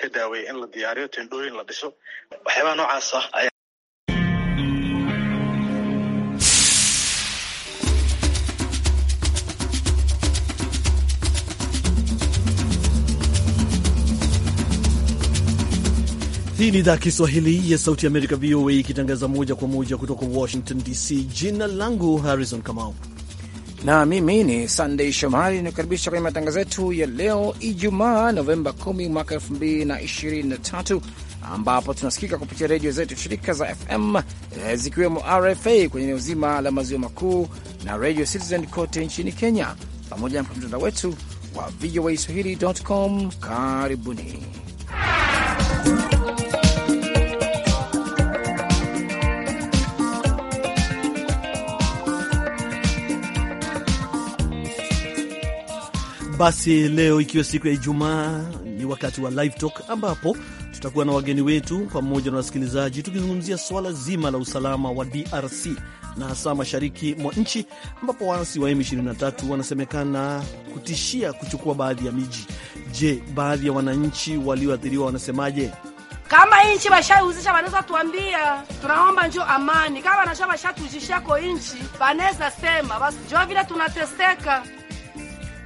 ka daaweeya in la diyaariyo tendhooyin la dhiso waxyaabaha noocaas ah ayaa Hii ni idhaa Kiswahili ya sauti Amerika, VOA, ikitangaza moja kwa moja kutoka Washington DC. Jina langu Harrison Kamau na mimi ni sandei Shomari nikukaribisha kwenye matangazo yetu ya leo Ijumaa Novemba 10 mwaka 2023 ambapo tunasikika kupitia redio zetu shirika za FM eh, zikiwemo RFA kwenye eneo zima la maziwa makuu na Radio Citizen kote nchini Kenya, pamoja na mtandao wetu wa VOA Swahili.com. Karibuni. Basi leo ikiwa siku ya Ijumaa, ni wakati wa Live Talk ambapo tutakuwa na wageni wetu pamoja na wasikilizaji tukizungumzia swala zima la usalama wa DRC na hasa mashariki mwa nchi ambapo waasi wa M23 wanasemekana kutishia kuchukua baadhi ya miji. Je, baadhi ya wananchi walioathiriwa wanasemaje? Kama nchi bashaihuzisha wanaweza tuambia, tunaomba njo amani. Kama nasha washatuzishako nchi, wanaweza sema basi, jua vile tunateseka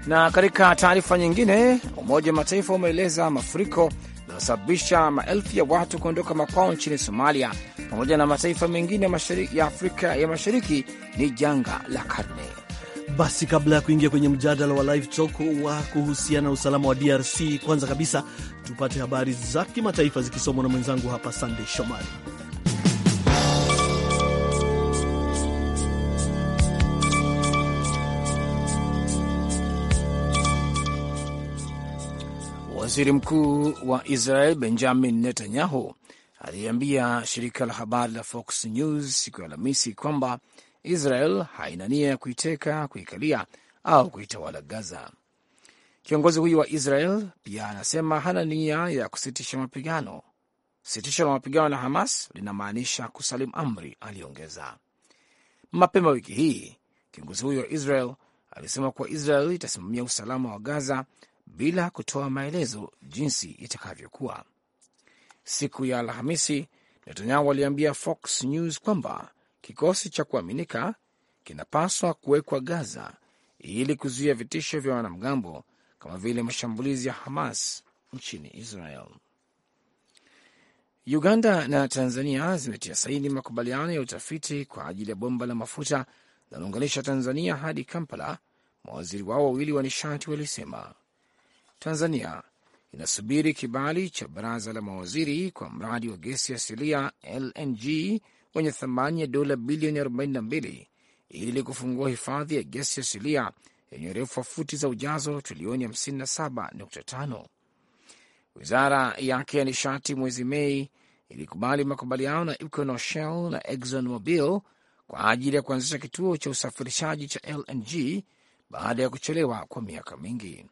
na katika taarifa nyingine, Umoja wa Mataifa umeeleza mafuriko yanayosababisha maelfu ya watu kuondoka makwao nchini Somalia pamoja na mataifa mengine ya Afrika ya Mashariki ni janga la karne. Basi kabla ya kuingia kwenye mjadala wa live talk wa kuhusiana na usalama wa DRC, kwanza kabisa tupate habari za kimataifa zikisomwa na mwenzangu hapa Sandey Shomari. Waziri Mkuu wa Israel Benjamin Netanyahu aliambia shirika la habari la Fox News siku ya Alhamisi kwamba Israel haina nia ya kuiteka, kuikalia au kuitawala Gaza. Kiongozi huyu wa Israel pia anasema hana nia ya kusitisha mapigano. Sitisho la mapigano na Hamas linamaanisha kusalim amri, aliongeza. Mapema wiki hii kiongozi huyo wa Israel alisema kuwa Israel itasimamia usalama wa Gaza bila kutoa maelezo jinsi itakavyokuwa. Siku ya Alhamisi, Netanyahu aliambia Fox News kwamba kikosi cha kuaminika kinapaswa kuwekwa Gaza ili kuzuia vitisho vya wanamgambo kama vile mashambulizi ya Hamas nchini Israel. Uganda na Tanzania zimetia saini makubaliano ya utafiti kwa ajili ya bomba la mafuta linalounganisha Tanzania hadi Kampala, mawaziri wao wawili wa nishati walisema. Tanzania inasubiri kibali cha baraza la mawaziri kwa mradi wa gesi asilia LNG wenye thamani ya dola bilioni 42 ili kufungua hifadhi ya gesi asilia yenye urefu wa futi za ujazo trilioni 57.5. Wizara yake ya nishati mwezi Mei ilikubali makubaliano na Equinor, Shell na Exxon Mobil kwa ajili ya kuanzisha kituo cha usafirishaji cha LNG baada ya kuchelewa kwa miaka mingi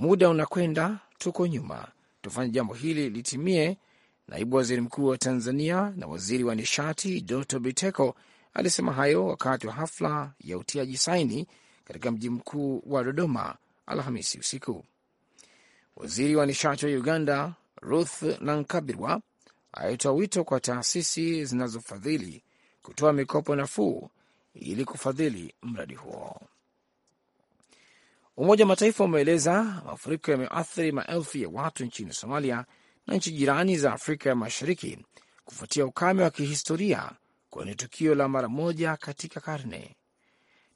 muda unakwenda, tuko nyuma, tufanye jambo hili litimie. Naibu waziri mkuu wa Tanzania na waziri wa nishati Doto Biteko alisema hayo wakati wa hafla ya utiaji saini katika mji mkuu wa Dodoma Alhamisi usiku. Waziri wa nishati wa Uganda Ruth Nankabirwa alitoa wito kwa taasisi zinazofadhili kutoa mikopo nafuu ili kufadhili mradi huo. Umoja wa Mataifa umeeleza mafuriko yameathiri maelfu ya watu nchini Somalia na nchi jirani za Afrika ya Mashariki kufuatia ukame wa kihistoria kwenye tukio la mara moja katika karne.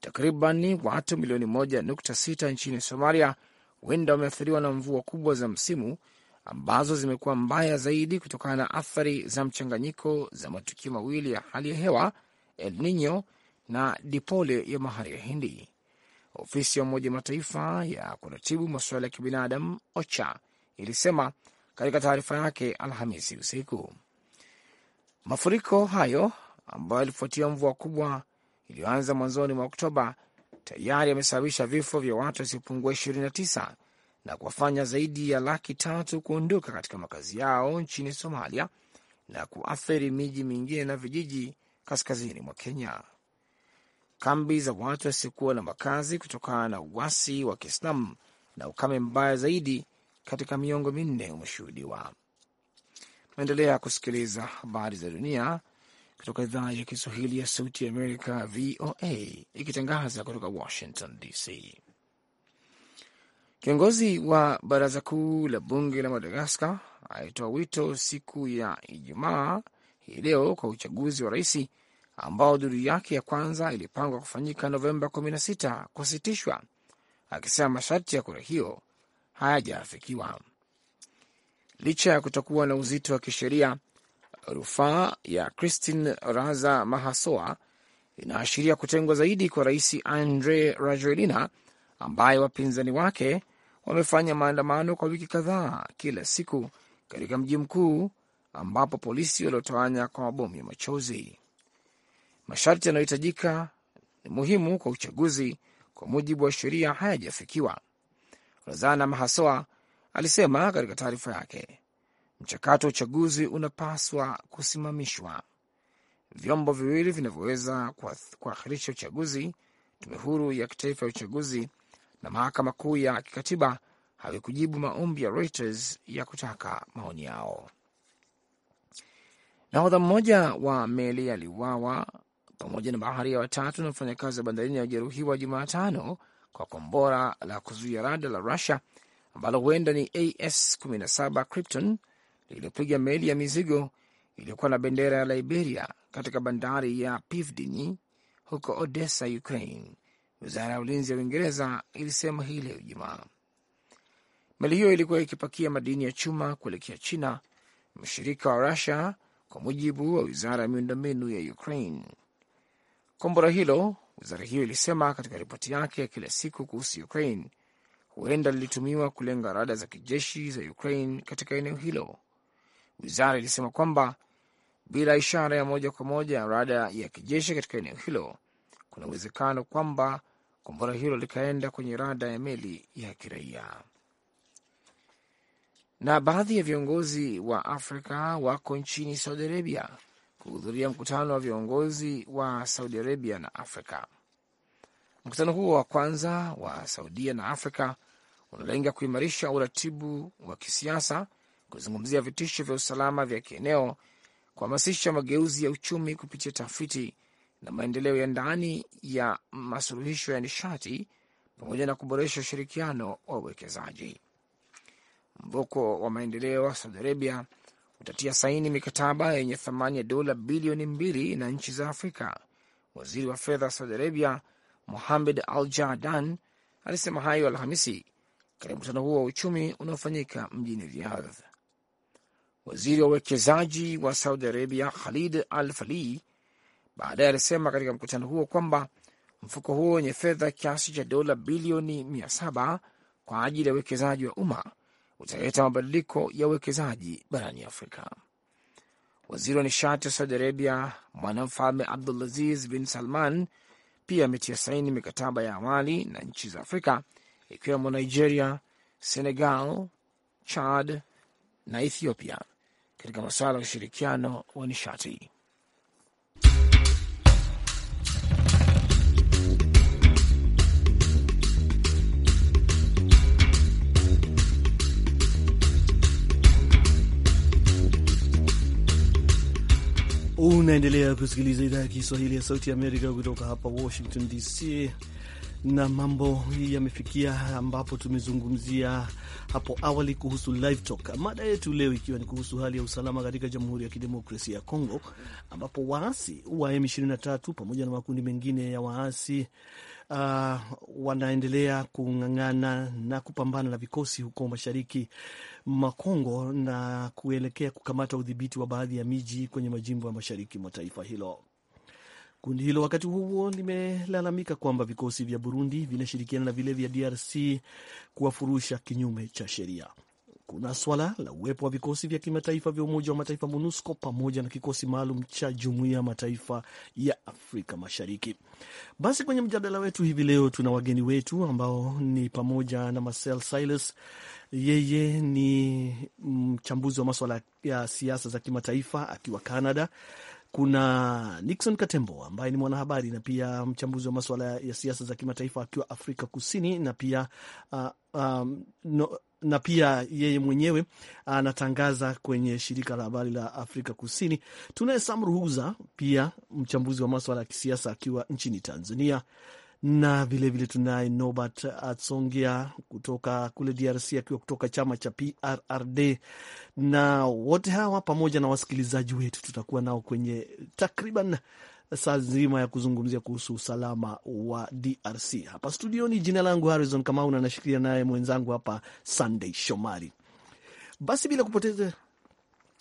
Takriban watu milioni 1.6 nchini Somalia huenda wameathiriwa na mvua kubwa za msimu ambazo zimekuwa mbaya zaidi kutokana na athari za mchanganyiko za matukio mawili ya hali ya hewa El Nino na dipole ya bahari ya Hindi. Ofisi ya Umoja Mataifa ya kuratibu masuala ya kibinadamu OCHA ilisema katika taarifa yake Alhamisi usiku. Mafuriko hayo ambayo yalifuatia mvua kubwa iliyoanza mwanzoni mwa Oktoba tayari yamesababisha vifo vya watu wasiopungua 29 na kuwafanya zaidi ya laki tatu kuondoka katika makazi yao nchini Somalia na kuathiri miji mingine na vijiji kaskazini mwa Kenya kambi za watu wasiokuwa na makazi kutokana na uasi wa Kiislamu na ukame mbaya zaidi katika miongo minne umeshuhudiwa. Naendelea kusikiliza habari za dunia kutoka idhaa ya Kiswahili ya Sauti ya Amerika, VOA, ikitangaza kutoka Washington DC. Kiongozi wa baraza kuu la bunge la Madagaskar alitoa wito siku ya Ijumaa hii leo kwa uchaguzi wa raisi ambao duru yake ya kwanza ilipangwa kufanyika Novemba 16 kusitishwa, akisema masharti ya kura hiyo hayajaafikiwa. Licha ya kutokuwa na uzito wa kisheria, rufaa ya Christine Raza Mahasoa inaashiria kutengwa zaidi kwa rais Andre Rajoelina, ambaye wapinzani wake wamefanya maandamano kwa wiki kadhaa kila siku katika mji mkuu, ambapo polisi waliotawanya kwa mabomu ya machozi masharti yanayohitajika ni muhimu kwa uchaguzi kwa mujibu wa sheria hayajafikiwa. Razana Mahasoa alisema katika taarifa yake, mchakato wa uchaguzi unapaswa kusimamishwa. Vyombo viwili vinavyoweza kuahirisha uchaguzi, tume huru ya kitaifa ya uchaguzi na mahakama kuu ya kikatiba, havikujibu maombi ya Reuters ya kutaka maoni yao. Nahodha mmoja wa meli aliuawa pamoja na baharia watatu na mfanyakazi wa bandarini aliyejeruhiwa Jumatano kwa kombora la kuzuia rada la Rusia ambalo huenda ni AS-17 Krypton lililopiga meli ya mizigo iliyokuwa na bendera ya Liberia katika bandari ya Pivdini huko Odessa, Ukraine. Wizara ya ulinzi ya Uingereza ilisema hii leo Ijumaa meli hiyo ilikuwa ikipakia madini ya chuma kuelekea China, mshirika wa Rusia, kwa mujibu wa wizara ya miundombinu ya Ukraine kombora hilo, wizara hiyo ilisema katika ripoti yake ya kila siku kuhusu Ukraine, huenda lilitumiwa kulenga rada za kijeshi za Ukraine katika eneo hilo. Wizara ilisema kwamba bila ishara ya moja kwa moja ya rada ya kijeshi katika eneo hilo, kuna uwezekano kwamba kombora hilo likaenda kwenye rada ya meli ya kiraia. Na baadhi ya viongozi wa Afrika wako nchini Saudi Arabia kuhudhuria mkutano wa viongozi wa Saudi Arabia na Afrika. Mkutano huo wa kwanza wa Saudia na Afrika unalenga kuimarisha uratibu wa kisiasa, kuzungumzia vitisho vya usalama vya kieneo, kuhamasisha mageuzi ya uchumi kupitia tafiti na maendeleo ya ndani ya masuluhisho ya nishati, pamoja na kuboresha ushirikiano wa uwekezaji. Mvuko wa maendeleo wa Saudi Arabia utatia saini mikataba yenye thamani ya dola bilioni mbili na nchi za Afrika. Waziri wa fedha wa Saudi Arabia Mohamed Al jadan alisema hayo Alhamisi katika mkutano huo wa uchumi unaofanyika mjini Riyadh. Waziri wa uwekezaji wa Saudi Arabia Khalid Al Fali baadaye alisema katika mkutano huo kwamba mfuko huo wenye fedha kiasi cha dola bilioni mia saba kwa ajili ya uwekezaji wa umma utaleta mabadiliko ya uwekezaji barani Afrika. Waziri wa nishati wa Saudi Arabia, mwanamfalme Abdulaziz bin Salman, pia ametia saini mikataba ya awali na nchi za Afrika ikiwemo Nigeria, Senegal, Chad na Ethiopia katika masuala ya ushirikiano wa nishati. Unaendelea kusikiliza idhaa ya Kiswahili ya Sauti ya Amerika kutoka hapa Washington DC, na mambo hii yamefikia ambapo tumezungumzia hapo awali kuhusu live talk, mada yetu leo ikiwa ni kuhusu hali ya usalama katika Jamhuri ya Kidemokrasia ya Kongo, ambapo waasi wa M23 pamoja na makundi mengine ya waasi uh, wanaendelea kung'ang'ana na kupambana na vikosi huko mashariki mwa Kongo na kuelekea kukamata udhibiti wa baadhi ya miji kwenye majimbo ya mashariki mwa taifa hilo. Kundi hilo wakati huo limelalamika kwamba vikosi vya Burundi vinashirikiana na vile vya DRC kuwafurusha kinyume cha sheria kuna swala la uwepo wa vikosi vya kimataifa vya Umoja wa Mataifa MONUSCO pamoja na kikosi maalum cha Jumuiya ya Mataifa ya Afrika Mashariki. Basi kwenye mjadala wetu hivi leo tuna wageni wetu ambao ni pamoja na Marcel Silas, yeye ni mchambuzi wa maswala ya siasa za kimataifa akiwa Canada. Kuna Nixon Katembo ambaye ni mwanahabari na pia mchambuzi wa maswala ya siasa za kimataifa akiwa Afrika Kusini na pia uh, um, no, na pia yeye mwenyewe anatangaza kwenye shirika la habari la Afrika Kusini. Tunaye Sam Ruhuza, pia mchambuzi wa maswala ya kisiasa akiwa nchini Tanzania, na vilevile tunaye nobert Atsongia kutoka kule DRC akiwa kutoka chama cha PRRD, na wote hawa pamoja na wasikilizaji wetu tutakuwa nao kwenye takriban saa nzima ya kuzungumzia kuhusu usalama wa DRC. Hapa studioni, jina langu Harrison Kamau na nashikilia naye mwenzangu hapa Sunday Shomari. Basi bila kupoteza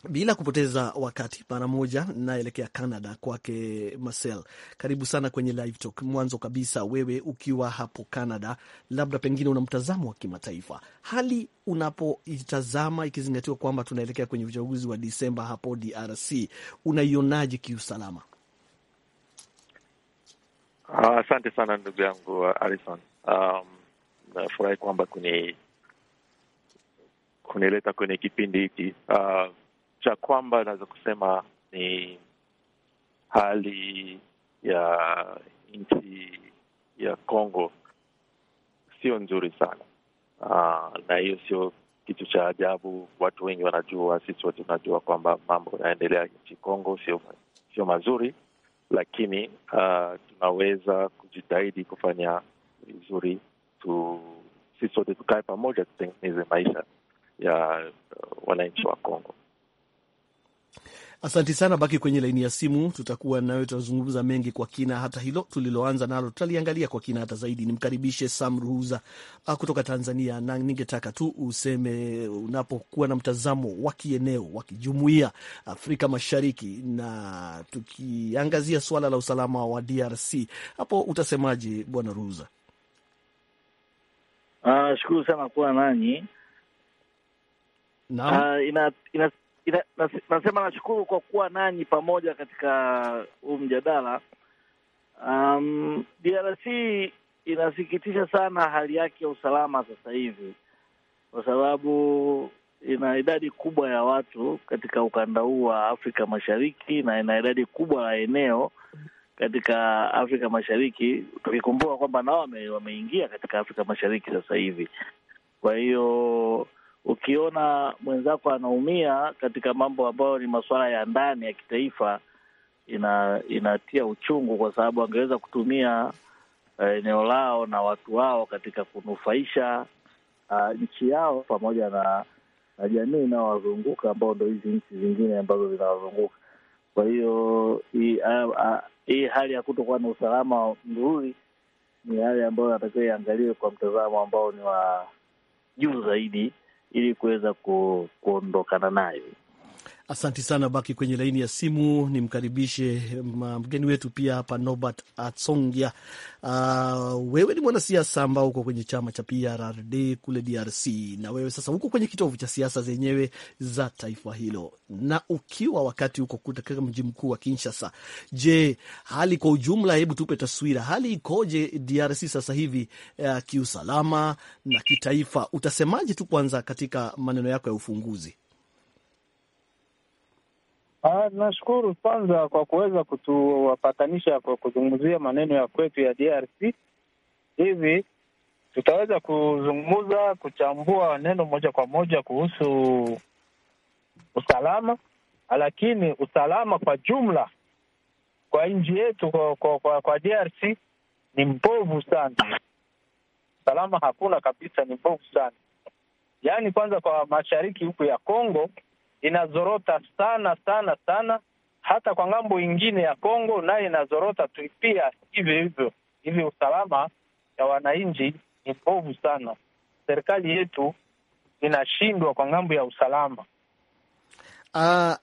bila kupoteza wakati, mara moja naelekea Canada kwake Marcel. Karibu sana kwenye Live Talk. Mwanzo kabisa, wewe ukiwa hapo Canada, labda pengine una mtazamo wa kimataifa, hali unapoitazama ikizingatiwa kwamba tunaelekea kwenye uchaguzi wa Disemba hapo DRC, unaionaje kiusalama? Ah, asante uh, sana ndugu yangu uh, Alison. Um, nafurahi kwamba kuni kunileta kwenye kipindi hiki uh, cha kwamba naweza kusema ni hali ya nchi ya Congo sio nzuri sana uh, na hiyo sio kitu cha ajabu. Watu wengi wanajua, sisi wote tunajua kwamba mambo yanaendelea nchi Congo sio sio mazuri lakini uh, tunaweza kujitahidi kufanya vizuri tu, sisi sote tukae pamoja, tutengeneze maisha ya uh, wananchi wa Kongo. Asanti sana, baki kwenye laini ya simu, tutakuwa nawe, tutazungumza mengi kwa kina. Hata hilo tuliloanza nalo tutaliangalia kwa kina hata zaidi. Nimkaribishe Sam Ruhuza ah, kutoka Tanzania, na ningetaka tu useme unapokuwa na mtazamo wa kieneo wa kijumuia Afrika Mashariki, na tukiangazia suala la usalama wa DRC, hapo utasemaje Bwana Ruhuza? Uh, shukuru sana kuwa nanyi. Uh, ina, ina, ina, nas, nasema nashukuru kwa kuwa nanyi pamoja katika huu mjadala. Um, DRC inasikitisha sana hali yake ya usalama sasa hivi kwa sababu ina idadi kubwa ya watu katika ukanda huu wa Afrika Mashariki na ina idadi kubwa ya eneo katika Afrika Mashariki, tukikumbuka kwamba nao wameingia katika Afrika Mashariki sasa hivi. Kwa hiyo ukiona mwenzako anaumia katika mambo ambayo ni masuala ya ndani ya kitaifa, ina inatia uchungu, kwa sababu angeweza kutumia eh, eneo uh, lao na watu wao katika kunufaisha uh, nchi yao pamoja na na jamii inayowazunguka ambao ndo hizi nchi zingine ambazo zinawazunguka. Kwa hiyo hii ah, ah, hii hali ya kutokuwa na usalama mzuri ni hali ambayo natakiwa iangaliwe kwa mtazamo ambao ni wa juu zaidi ili kuweza kuondokana nayo. Asanti sana, baki kwenye laini ya simu. Nimkaribishe mgeni wetu pia hapa, Nobert Atsongia. Uh, wewe ni mwanasiasa ambao uko kwenye chama cha PRRD kule DRC, na wewe sasa uko kwenye kitovu cha siasa zenyewe za taifa hilo, na ukiwa wakati uko katika mji mkuu wa Kinshasa. Je, hali kwa ujumla, hebu tupe taswira, hali ikoje DRC sasa hivi, uh, kiusalama na kitaifa? Utasemaje tu kwanza katika maneno yako ya ufunguzi? Ah, nashukuru kwanza kwa kuweza kutuwapatanisha kwa kuzungumzia maneno ya kwetu ya DRC. Hivi tutaweza kuzungumza kuchambua neno moja kwa moja kuhusu usalama, lakini usalama kwa jumla kwa nchi yetu kwa, kwa, kwa, kwa DRC ni mbovu sana. Usalama hakuna kabisa, ni mbovu sana yaani, kwanza kwa mashariki huku ya Kongo inazorota sana sana sana, hata kwa ngambo ingine ya Kongo nayo inazorota pia hivyo hivyo. Hivyo usalama ya wananchi ni mbovu sana, serikali yetu inashindwa kwa ngambo ya usalama. Uh,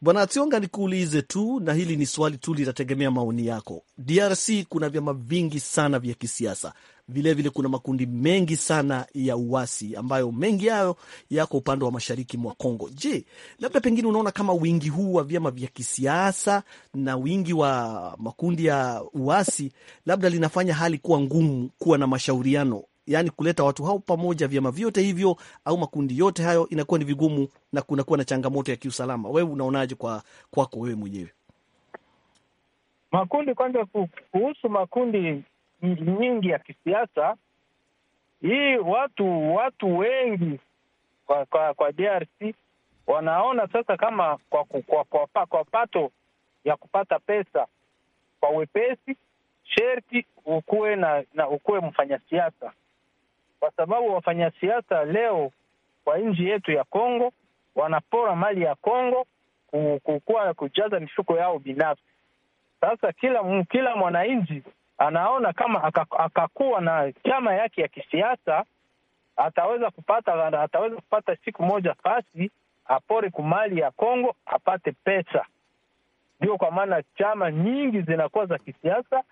Bwana Ationga, nikuulize tu, na hili ni swali tu litategemea maoni yako. DRC kuna vyama vingi sana vya kisiasa, vilevile vile kuna makundi mengi sana ya uasi ambayo mengi yayo yako upande wa mashariki mwa congo Je, labda pengine unaona kama wingi huu wa vyama vya kisiasa na wingi wa makundi ya uasi labda linafanya hali kuwa ngumu kuwa na mashauriano yani kuleta watu hao pamoja, vyama vyote hivyo au makundi yote hayo, inakuwa ni vigumu na kunakuwa na changamoto ya kiusalama. Wewe unaonaje kwako wewe mwenyewe? Makundi kwanza, kuhusu makundi nyingi ya kisiasa hii, watu watu wengi kwa, kwa, kwa DRC wanaona sasa kama kwa, kwa, kwa, kwa pato ya kupata pesa kwa wepesi, sherti ukuwe na, na ukuwe mfanyasiasa kwa sababu wafanya siasa leo kwa nchi yetu ya Kongo wanapora mali ya Kongo kukuwa kujaza mifuko yao binafsi. Sasa kila kila mwananchi anaona kama akakuwa na chama yake ya kisiasa ataweza kupata ataweza kupata siku moja fasi apore kumali ya Kongo apate pesa. Ndio kwa maana chama nyingi zinakuwa za kisiasa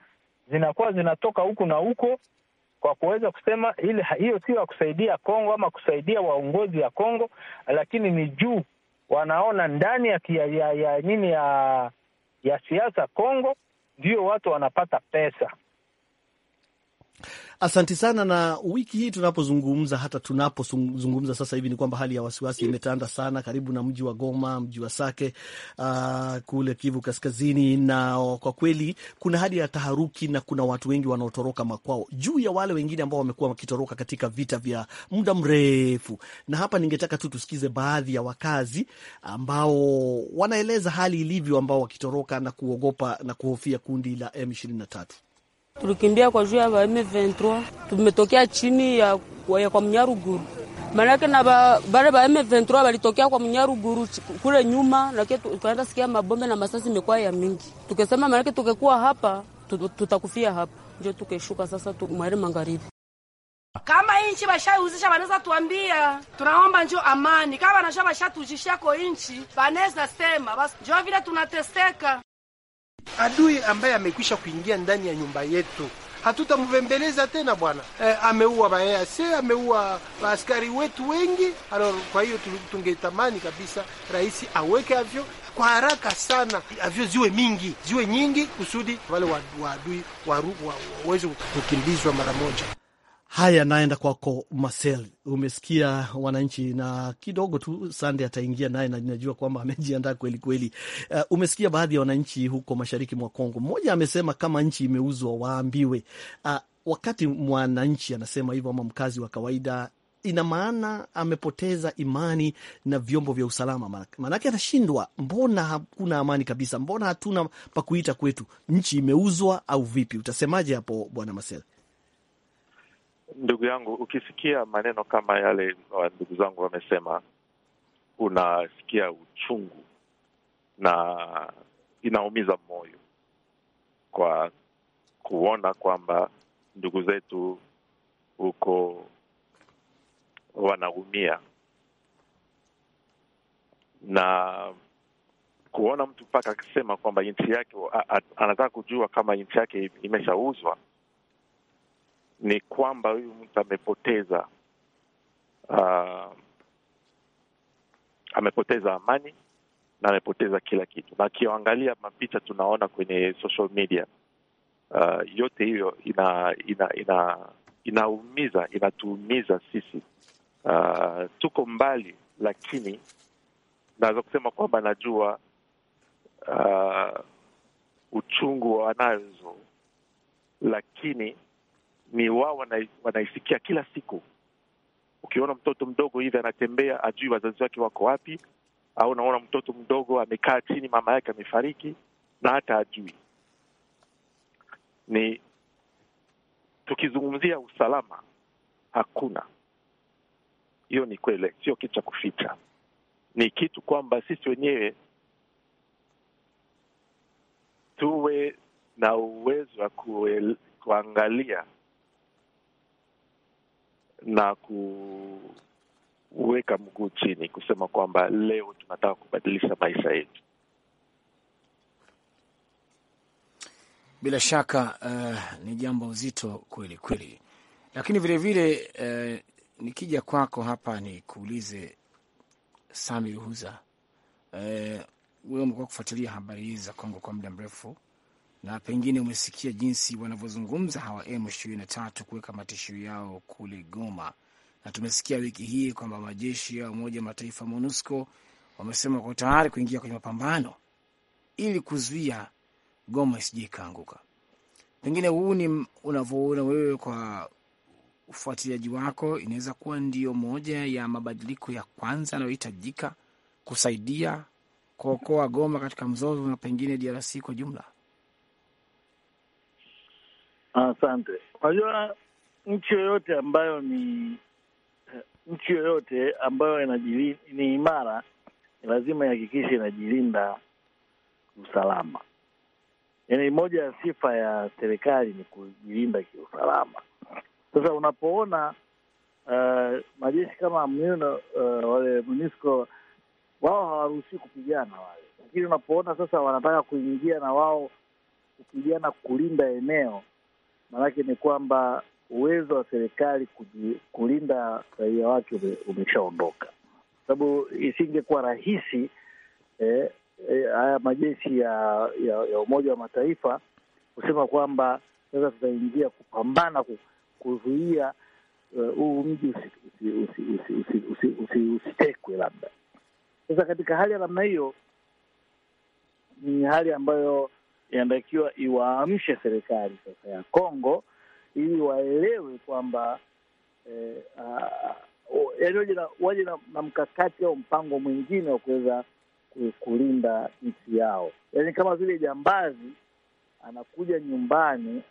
zinakuwa zinatoka huku na huko kwa kuweza kusema ile hiyo sio ya kusaidia Kongo ama kusaidia waongozi ya Kongo, lakini ni juu wanaona ndani ya, ya, ya, ya nini ya ya siasa Kongo ndio watu wanapata pesa asanti sana. Na wiki hii tunapozungumza, hata tunapozungumza sasa hivi, ni kwamba hali ya wasiwasi imetanda sana karibu na mji wa Goma, mji wa Sake, uh, kule Kivu Kaskazini, na kwa kweli kuna hali ya taharuki na kuna watu wengi wanaotoroka makwao, juu ya wale wengine ambao wamekuwa wakitoroka katika vita vya muda mrefu. Na hapa ningetaka tu tusikize baadhi ya wakazi ambao wanaeleza hali ilivyo, ambao wakitoroka na kuogopa na kuhofia kundi la M23 tulikimbia kwa juu ya ba M23, tumetokea chini ya, ya kwa Mnyaruguru Manake na bare ba M23 walitokea kwa Mnyaruguru kule nyuma, na tukaenda sikia mabombe na masasi imekuwa ya mingi, tukasema manake tukekuwa hapa tutakufia hapa, ndio tukeshuka sasa mwari magharibi. Kama inchi bashaihuzisha baneza tuambia, tunaomba njo amani. Kama banasha bashatujishako inchi baneza sema basi, njo vile tunateseka Adui ambaye amekwisha kuingia ndani ya nyumba yetu hatutamvembeleza tena bwana. E, ameua baas, ameua askari wetu wengi. alo kwa hiyo tungetamani kabisa rais aweke avyo kwa haraka sana, avyo ziwe mingi ziwe nyingi, kusudi wale waadui waweze wa, wa, kukimbizwa mara moja. Haya, naenda kwako Marcel. Umesikia wananchi na kidogo tu Sande ataingia naye, na najua kwamba amejiandaa kweli kweli. Uh, umesikia baadhi ya wananchi huko mashariki mwa Kongo. Mmoja amesema kama nchi imeuzwa waambiwe. Uh, wakati mwananchi anasema hivyo ama mkazi wa kawaida ina maana amepoteza imani na vyombo vya usalama, maanake atashindwa. Mbona hakuna amani kabisa? Mbona hatuna pakuita kwetu? Nchi imeuzwa au vipi? Utasemaje hapo, bwana Marcel? ndugu yangu, ukisikia maneno kama yale ndugu zangu wamesema, unasikia uchungu na inaumiza moyo kwa kuona kwamba ndugu zetu huko wanaumia na kuona mtu mpaka akisema kwamba nchi yake anataka kujua kama nchi yake imeshauzwa ni kwamba huyu mtu amepoteza uh, amepoteza amani na amepoteza kila kitu, na akiangalia mapicha tunaona kwenye social media uh, yote hiyo ina ina ina inaumiza inatuumiza sisi. Uh, tuko mbali, lakini naweza kusema kwamba najua uh, uchungu wanazo, lakini ni wao wanai, wanaisikia kila siku. Ukiona mtoto mdogo hivi anatembea, ajui wazazi wake wako wapi, au unaona mtoto mdogo amekaa chini, mama yake amefariki na hata ajui. Ni tukizungumzia usalama, hakuna hiyo, ni kweli, sio kitu cha kuficha, ni kitu kwamba sisi wenyewe tuwe na uwezo wa kuangalia na kuweka mguu chini, kusema kwamba leo tunataka kubadilisha maisha yetu. Bila shaka uh, ni jambo zito kweli kweli, lakini vilevile vile, uh, nikija kwako hapa nikuulize Sami Ruhuza, eh, wewe umekuwa kufuatilia habari hizi za Kongo kwa muda mrefu na pengine umesikia jinsi wanavyozungumza hawa M23 kuweka matishio yao kule Goma, na tumesikia wiki hii kwamba majeshi ya Umoja Mataifa MONUSCO wamesema wako tayari kuingia kwenye mapambano ili kuzuia Goma isije ikaanguka. Pengine huu ni unavyoona wewe kwa ufuatiliaji wako, inaweza kuwa ndio moja ya mabadiliko ya kwanza yanayohitajika kusaidia kuokoa Goma katika mzozo na pengine DRC kwa jumla. Asante. Unajua, nchi yoyote ambayo ni eh, nchi yoyote ambayo ni imara ni lazima ihakikishe inajilinda kiusalama Yaani, moja ya sifa ya serikali ni kujilinda kiusalama. Sasa unapoona uh, majeshi kama MONUSCO uh, eh, wale MONUSCO wao hawaruhusii kupigana wale, lakini unapoona sasa wanataka kuingia na wao kupigana kulinda eneo maanake ni kwamba uwezo wa serikali kulinda raia wake umeshaondoka, kwa sababu isingekuwa rahisi eh, eh, haya majeshi ya, ya, ya Umoja wa Mataifa kusema kwamba sasa tutaingia kupambana kuzuia eh, huu uh, mji usitekwe labda. Sasa katika hali ya namna hiyo ni hali ambayo inatakiwa iwaamshe serikali sasa ya Kongo ili waelewe kwamba eh, yaani waje na, na mkakati au mpango mwingine wa kuweza kulinda nchi yao. Yaani kama vile jambazi anakuja nyumbani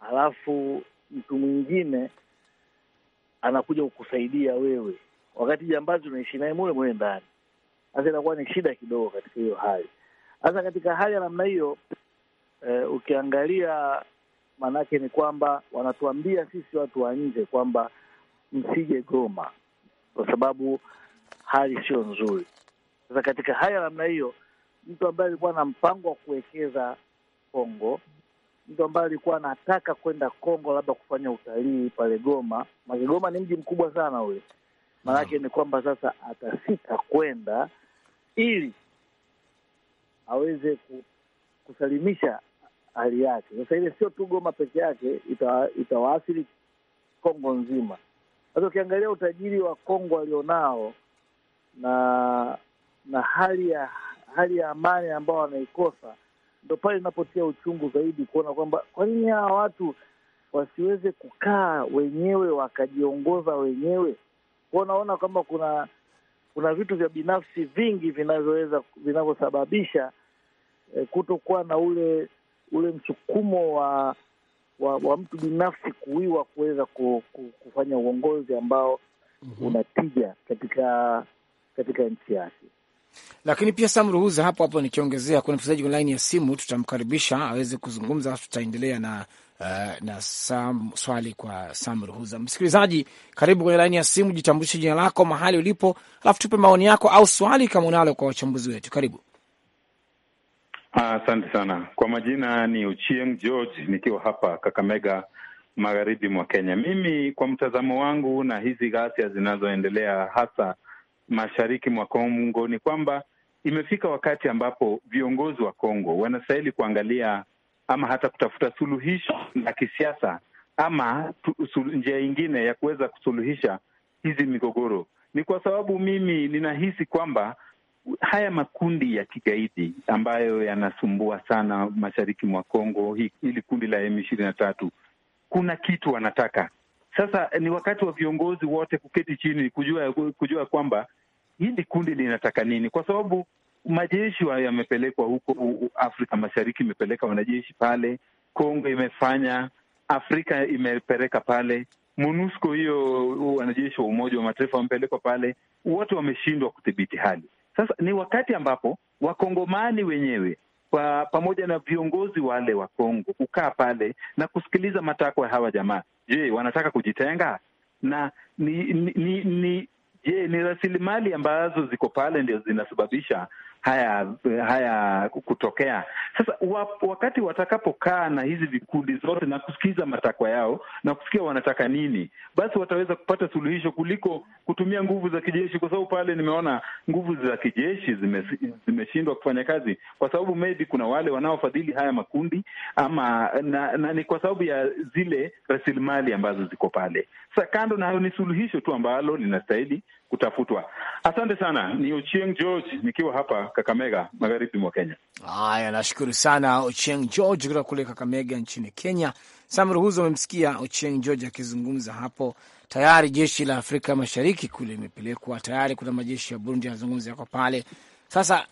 alafu mtu mwingine anakuja kukusaidia wewe, wakati jambazi unaishi naye mule mule ndani. Sasa inakuwa ni shida kidogo katika hiyo hali. Sasa katika hali ya namna hiyo e, ukiangalia maanake ni kwamba wanatuambia sisi watu wa nje kwamba msije Goma kwa sababu hali sio nzuri. Sasa katika hali ya namna hiyo, mtu ambaye alikuwa na mpango wa kuwekeza Kongo, mtu ambaye alikuwa anataka kwenda Kongo labda kufanya utalii pale Goma, maana Goma ni mji mkubwa sana ule, maanake ni kwamba sasa atasita kwenda ili aweze kusalimisha hali yake. Sasa ile sio tu Goma peke yake, itawaathiri ita Kongo nzima. Sasa ukiangalia utajiri wa Kongo walionao na na hali ya hali ya amani ambao wanaikosa, ndo pale inapotia uchungu zaidi kuona kwamba kwa nini hawa watu wasiweze kukaa wenyewe wakajiongoza wenyewe. Kwa unaona kwamba kuna kuna vitu vya binafsi vingi vinavyoweza vinavyosababisha eh, kutokuwa na ule ule msukumo wa wa, wa mtu binafsi kuiwa kuweza ku, ku, kufanya uongozi ambao mm -hmm. unatija katika katika nchi yake. Lakini pia Sam Ruhuza hapo hapo nikiongezea, kuna msikilizaji online ya simu, tutamkaribisha aweze kuzungumza, tutaendelea na Eh, na Sam, swali kwa Sam Ruhuza. Msikilizaji, karibu kwenye laini ya simu, jitambulishe jina lako, mahali ulipo, alafu tupe maoni yako au swali kama unalo kwa wachambuzi wetu. Karibu. Asante ah, sana kwa majina ni Uchieng George nikiwa hapa Kakamega magharibi mwa Kenya. Mimi kwa mtazamo wangu na hizi ghasia zinazoendelea hasa mashariki mwa Kongo ni kwamba imefika wakati ambapo viongozi wa Kongo wanastahili kuangalia ama hata kutafuta suluhisho la kisiasa ama njia ingine ya kuweza kusuluhisha hizi migogoro. Ni kwa sababu mimi ninahisi kwamba haya makundi ya kigaidi ambayo yanasumbua sana mashariki mwa Kongo, hili kundi la M ishirini na tatu, kuna kitu wanataka sasa. Eh, ni wakati wa viongozi wote kuketi chini, kujua kujua kwamba hili kundi linataka nini, kwa sababu majeshi yamepelekwa huko Afrika Mashariki, imepeleka wanajeshi pale Kongo, imefanya Afrika imepeleka pale MONUSCO, hiyo wanajeshi wa Umoja wa Mataifa wamepelekwa pale, wote wameshindwa kudhibiti hali. Sasa ni wakati ambapo wakongomani wenyewe pa, pamoja na viongozi wale wa Kongo kukaa pale na kusikiliza matakwa ya hawa jamaa. Je, wanataka kujitenga? na ni ni, ni, ni je, ni rasilimali ambazo ziko pale ndio zinasababisha haya haya kutokea. Sasa wakati watakapokaa na hizi vikundi zote na kusikiza matakwa yao na kusikia wanataka nini, basi wataweza kupata suluhisho kuliko kutumia nguvu za kijeshi, kwa sababu pale nimeona nguvu za kijeshi zimeshindwa zime kufanya kazi, kwa sababu maybe kuna wale wanaofadhili haya makundi ama na, na ni kwa sababu ya zile rasilimali ambazo ziko pale. Sasa kando na hayo, ni suluhisho tu ambalo linastahili kutafutwa. Asante sana, ni Ochieng George nikiwa hapa Kakamega, magharibi mwa Kenya. Haya, nashukuru sana Ochieng George kutoka kule Kakamega nchini Kenya. Samruhuzo amemsikia Ochieng George akizungumza hapo. Tayari jeshi la Afrika Mashariki kule imepelekwa tayari, kuna majeshi ya Burundi yanazungumza yako pale. Sasa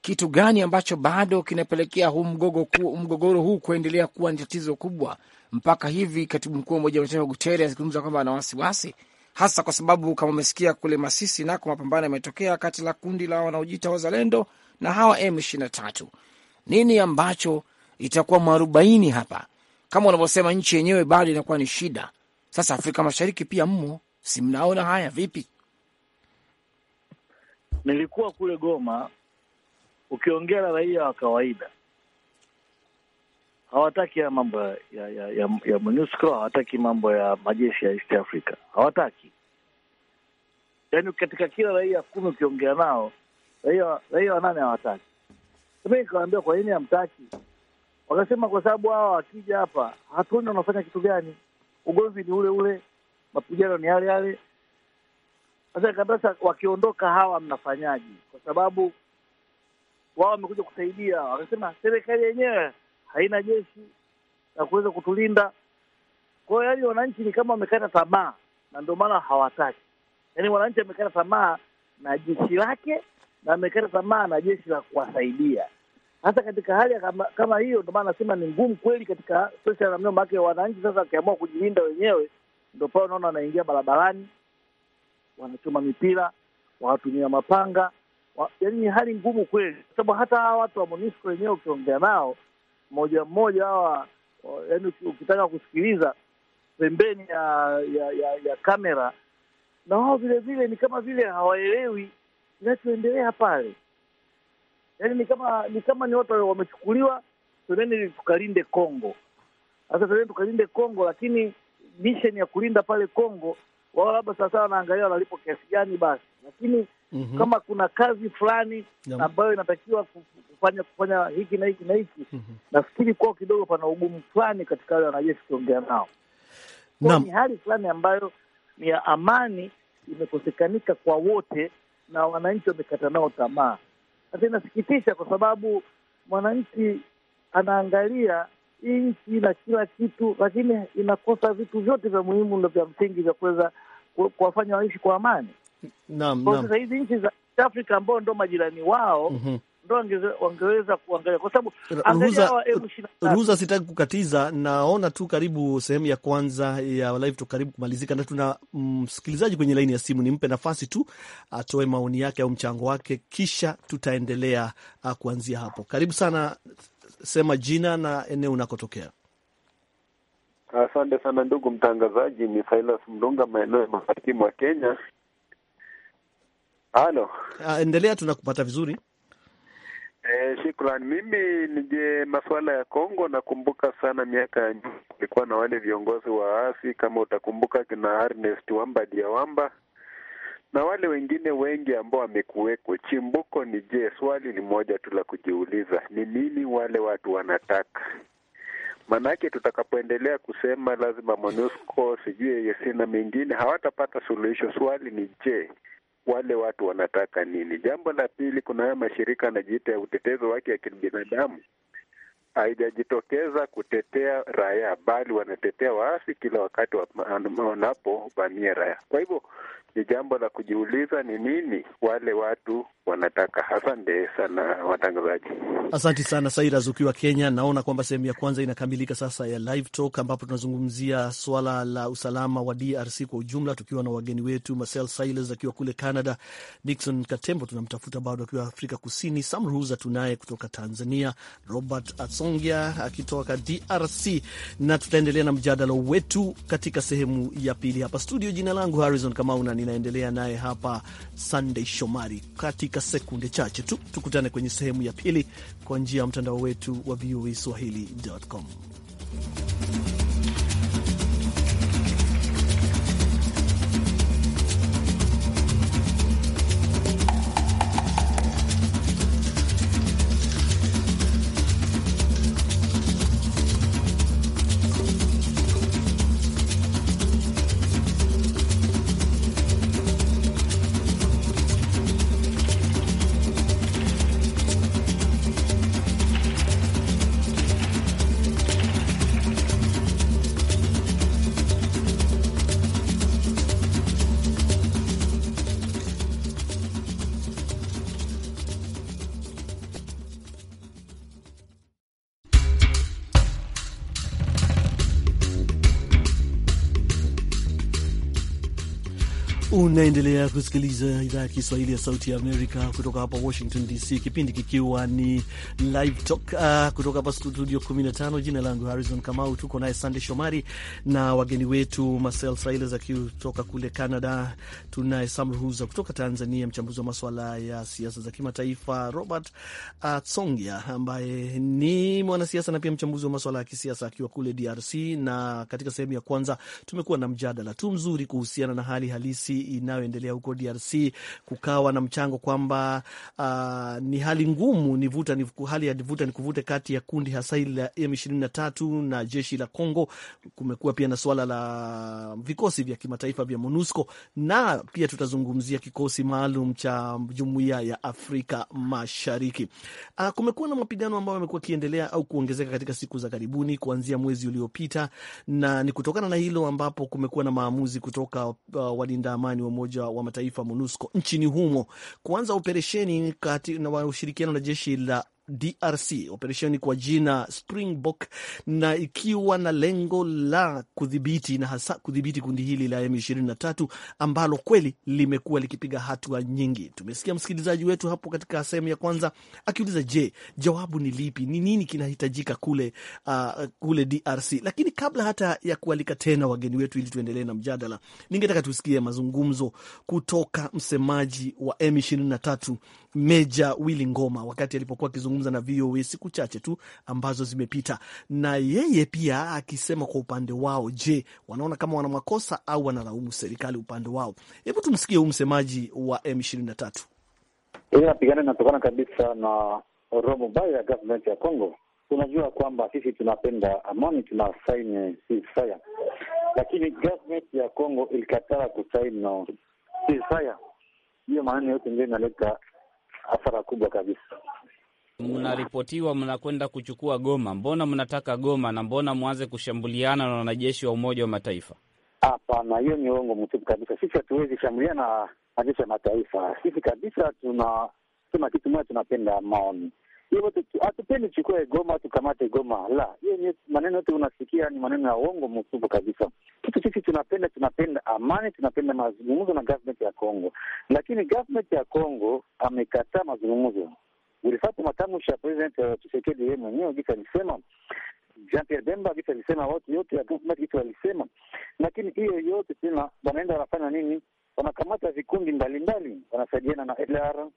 kitu gani ambacho bado kinapelekea huu mgogo ku, mgogoro huu kuendelea kuwa ni tatizo kubwa mpaka hivi? Katibu mkuu wa Umoja wa Mataifa Guteres akizungumza kwamba ana wasiwasi hasa kwa sababu kama umesikia kule Masisi nako mapambano yametokea kati la kundi la wanaojiita wazalendo na hawa M23. Nini ambacho itakuwa mwarobaini hapa? Kama unavyosema nchi yenyewe bado inakuwa ni shida. Sasa Afrika Mashariki pia mmo, si mnaona haya vipi? Nilikuwa kule Goma, ukiongea na raia wa kawaida hawataki ya mambo ya, ya, ya, ya, ya MONUSCO, hawataki mambo ya majeshi ya East Africa, hawataki. Yaani katika kila raia kumi ukiongea nao raia wanane hawataki. Mi nikawambia kwa nini hamtaki? Wakasema kwa sababu hawa wakija hapa hatuoni wanafanya kitu gani, ugomvi ni ule ule, mapigano ni yale yale. Sasa kabisa, wakiondoka hawa mnafanyaje? Kwa sababu wao wamekuja kusaidia. Wakasema serikali yenyewe haina jeshi na kuweza kutulinda. Kwa hiyo, yani, wananchi ni kama wamekata tamaa, na ndio maana hawataki. Yani wananchi wamekata tamaa na jeshi lake na amekata tamaa na jeshi la kuwasaidia. Hasa katika hali kama, kama hiyo, ndio maana nasema ni ngumu kweli katika sosha namna maake, wananchi sasa wakiamua kujilinda wenyewe, ndio pale unaona wanaingia barabarani, wanachoma mipira, wanatumia mapanga wa, yani ni hali ngumu kweli, kwa sababu hata hawa watu wa MONUSCO wenyewe ukiongea nao moja mmoja hawa, yaani ukitaka kusikiliza pembeni ya ya, ya ya kamera, na wao vile vile ni kama vile hawaelewi kinachoendelea pale, yaani ni kama ni kama ni watu wamechukuliwa, tuendeni tukalinde Kongo. Sasa tuendeni tukalinde Kongo, lakini misheni ya kulinda pale Kongo wao labda sasa wanaangalia wanalipo kiasi gani basi, lakini mm -hmm. Kama kuna kazi fulani yeah. ambayo inatakiwa kufanya kufanya hiki na hiki na hiki mm -hmm. nafikiri kwao kidogo pana ugumu fulani katika wale wanajeshi kuongea nao na. Ni hali fulani ambayo ni ya amani imekosekanika kwa wote na wananchi wamekata nao tamaa. Sasa inasikitisha kwa sababu mwananchi anaangalia hii nchi na kila kitu, lakini inakosa vitu vyote vya muhimu ndo vya msingi vya kuweza kuwafanya waishi kwa amani naam, naam. Sasa hizi nchi za Afrika ambao ndo majirani wao mm -hmm. Ndo wangeweza kuangalia kwa sababu ruhusa, sitaki kukatiza, naona tu karibu sehemu ya kwanza ya live tu karibu kumalizika, na tuna msikilizaji mm, kwenye laini ya simu. Nimpe nafasi tu atoe maoni yake au mchango wake, kisha tutaendelea ah, kuanzia hapo. Karibu sana, sema jina na eneo unakotokea. Asante sana ndugu mtangazaji, ni Silas Mlunga, maeneo ya magharibi mwa Kenya. Halo, ah, endelea, tunakupata vizuri. Eh, shukrani. Mimi nije masuala ya Kongo, nakumbuka sana miaka ya nyuma kulikuwa na wale viongozi wa asi, kama utakumbuka kina Ernest Wamba ya Wamba na wale wengine wengi ambao wamekuweko. Chimbuko ni je, swali ni moja tu la kujiuliza, ni nini wale watu wanataka? Maanake tutakapoendelea kusema lazima MONUSCO sijui yesina mengine hawatapata suluhisho. Swali ni je, wale watu wanataka nini. Jambo la pili, kuna haya mashirika anajiita ya utetezi wake ya kibinadamu haijajitokeza kutetea raia, bali wanatetea waasi kila wakati wanapovamia raia. Kwa hivyo ni jambo la kujiuliza, ni nini wale watu wanataka. Asante sana watangazaji. Asante sana Sairas ukiwa Kenya. Naona kwamba sehemu ya kwanza inakamilika sasa ya Live Talk, ambapo tunazungumzia swala la usalama wa DRC kwa ujumla, tukiwa na wageni wetu Marcel Sailes akiwa kule Canada, Nixon Katembo tunamtafuta bado akiwa Afrika Kusini, Sam Ruza tunaye kutoka Tanzania, Robert Asongia akitoka DRC, na tutaendelea na mjadala wetu katika sehemu ya pili hapa studio. Jina langu Harrison Kamau na ninaendelea naye hapa Sunday Shomari. Katika sekunde chache tu tukutane kwenye sehemu ya pili kwa njia ya mtandao wetu wa VOA Swahili.com. Unaendelea kusikiliza idhaa ya Kiswahili ya Sauti ya Amerika kutoka hapa Washington DC, kipindi kikiwa ni Live Talk uh, kutoka hapa studio 15. Jina langu Harrison Kamau, tuko naye Sande Shomari na wageni wetu Marcel Sailes akitoka kule Canada, tunaye Sam kutoka Tanzania, mchambuzi wa maswala ya siasa za kimataifa, Robert uh, Tsongia ambaye ni mwanasiasa na pia mchambuzi wa maswala ya kisiasa akiwa kule DRC. Na katika sehemu ya kwanza tumekuwa na mjadala tu mzuri kuhusiana na hali halisi inayoendelea huko DRC, kukawa na mchango kwamba uh, ni hali ngumu, ni vuta ni hali ya vuta ni kuvute kati ya kundi hasa hili la M23 na jeshi la Congo. Kumekuwa pia na suala la vikosi vya kimataifa vya MONUSCO na pia tutazungumzia kikosi maalum cha jumuiya ya Afrika Mashariki. Uh, kumekuwa na mapigano ambayo yamekuwa kiendelea au kuongezeka katika siku za karibuni kuanzia mwezi uliopita, na ni kutokana na hilo ambapo kumekuwa na maamuzi kutoka uh, walinda amani amani wa Umoja wa Mataifa MONUSCO nchini humo kuanza operesheni na ushirikiano na jeshi la DRC, operesheni kwa jina Springbok, na ikiwa na lengo la kudhibiti na hasa kudhibiti kundi hili la M23 ambalo kweli limekuwa likipiga hatua nyingi. Tumesikia msikilizaji wetu hapo katika sehemu ya kwanza akiuliza, je, jawabu ni lipi? Ni nini kinahitajika kule, uh, kule DRC? Lakini kabla hata ya kualika tena wageni wetu ili tuendelee na mjadala, ningetaka tusikie mazungumzo kutoka msemaji wa M23 Meja Willy Ngoma wakati alipokuwa akizungumza na VOA siku chache tu ambazo zimepita, na yeye pia akisema kwa upande wao, je, wanaona kama wana makosa au wanalaumu serikali upande wao? Hebu tumsikie huu msemaji wa M23. Hili mapigano inatokana kabisa na robo mbaya ya government ya Congo. Tunajua kwamba sisi tunapenda amani, tunasaini ceasefire, lakini government ya Congo ilikataa kusaini ceasefire. Hiyo maneno yote ndio inaleta hasara kubwa kabisa. Mnaripotiwa mnakwenda kuchukua Goma, mbona mnataka Goma na mbona mwanze kushambuliana na wanajeshi wa Umoja wa Mataifa? Hapana, hiyo ni uongo mtupu kabisa. Sisi hatuwezi shambuliana na majeshi ya mataifa. Sisi kabisa tunasema kitu moja, tunapenda amani hivyo hatupendi chukue Goma tukamate Goma, la, hiyo ni maneno yote unasikia ni maneno ya uongo mtupu kabisa. Kitu sisi tunapenda, tunapenda amani, tunapenda mazungumzo na government ya Congo, lakini government ya Congo amekataa mazungumzo. Ulifata matamshi ya president ya Tshisekedi yeye mwenyewe gisa alisema Jean Pierre Bemba gisa alisema watu yote ya government gisa walisema, lakini hiyo yote tena wanaenda wanafanya nini? Wanakamata vikundi mbalimbali, wanasaidiana na LR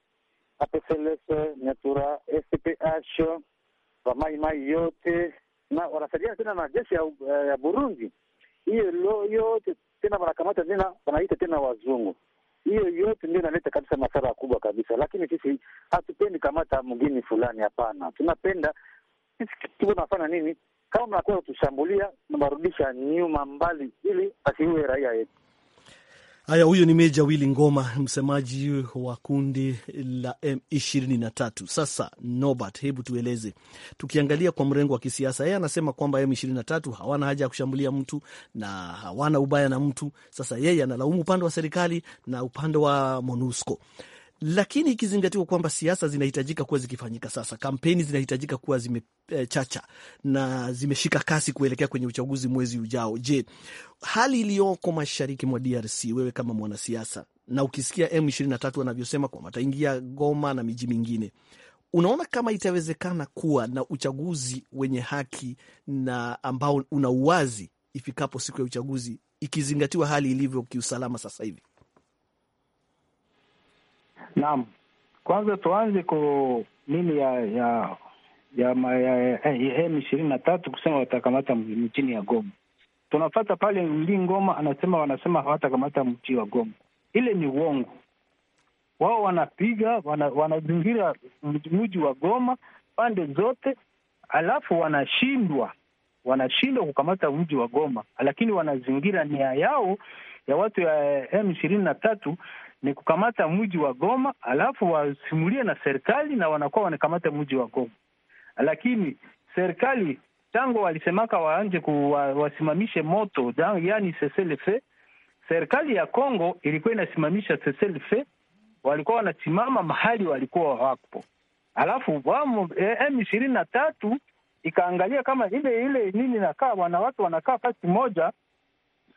APCLS, Nyatura, SPH, Wamaimai yote na wanasaidiana tena na jeshi ya, eh, ya Burundi. Hiyo yote tena wanakamata tena wanaita tena wazungu. Hiyo yote ndio inaleta kabisa madhara kubwa kabisa, lakini sisi hatupendi kamata mgini fulani, hapana. Tunapenda sisi tuko nafanya nini? Kama mnakuwa kutushambulia, tunawarudisha nyuma mbali, ili asiue raia yetu. Haya, huyo ni Meja Willy Ngoma, msemaji wa kundi la M23. Sasa Norbert, hebu tueleze, tukiangalia kwa mrengo wa kisiasa, yeye anasema kwamba M23 hawana haja ya kushambulia mtu na hawana ubaya na mtu. Sasa yeye analaumu upande wa serikali na upande wa MONUSCO lakini ikizingatiwa kwamba siasa zinahitajika kuwa zikifanyika sasa, kampeni zinahitajika kuwa zimechacha eh, e, na zimeshika kasi kuelekea kwenye uchaguzi mwezi ujao. Je, hali iliyoko mashariki mwa DRC, wewe kama mwanasiasa na ukisikia M23 wanavyosema kwamba ataingia Goma na miji mingine, unaona kama itawezekana kuwa na uchaguzi wenye haki na ambao una uwazi ifikapo siku ya uchaguzi, ikizingatiwa hali ilivyo kiusalama sasa hivi? Naam, kwanza tuanze ku nini ya ya ya M ishirini na tatu kusema watakamata mchini ya Goma. Tunafata pale mli Ngoma anasema wanasema hawatakamata mji wa Goma, ile ni uongo. Wao wanapiga wanazingira wana mji wa Goma pande zote, alafu wanashindwa wanashindwa kukamata mji wa Goma, lakini wanazingira nia yao ya watu ya M ishirini na tatu ni kukamata mji wa Goma, alafu wasimulie na serikali na wanakuwa wanakamata mji wa Goma. Lakini serikali tangu walisemaka waanje kuwasimamishe moto, yaani seselefe, serikali ya Kongo ilikuwa inasimamisha seselefe, walikuwa wanasimama mahali walikuwa wapo, alafu eh, M ishirini na tatu ikaangalia kama ile ile nini nakaa wanawake wanakaa fasi moja,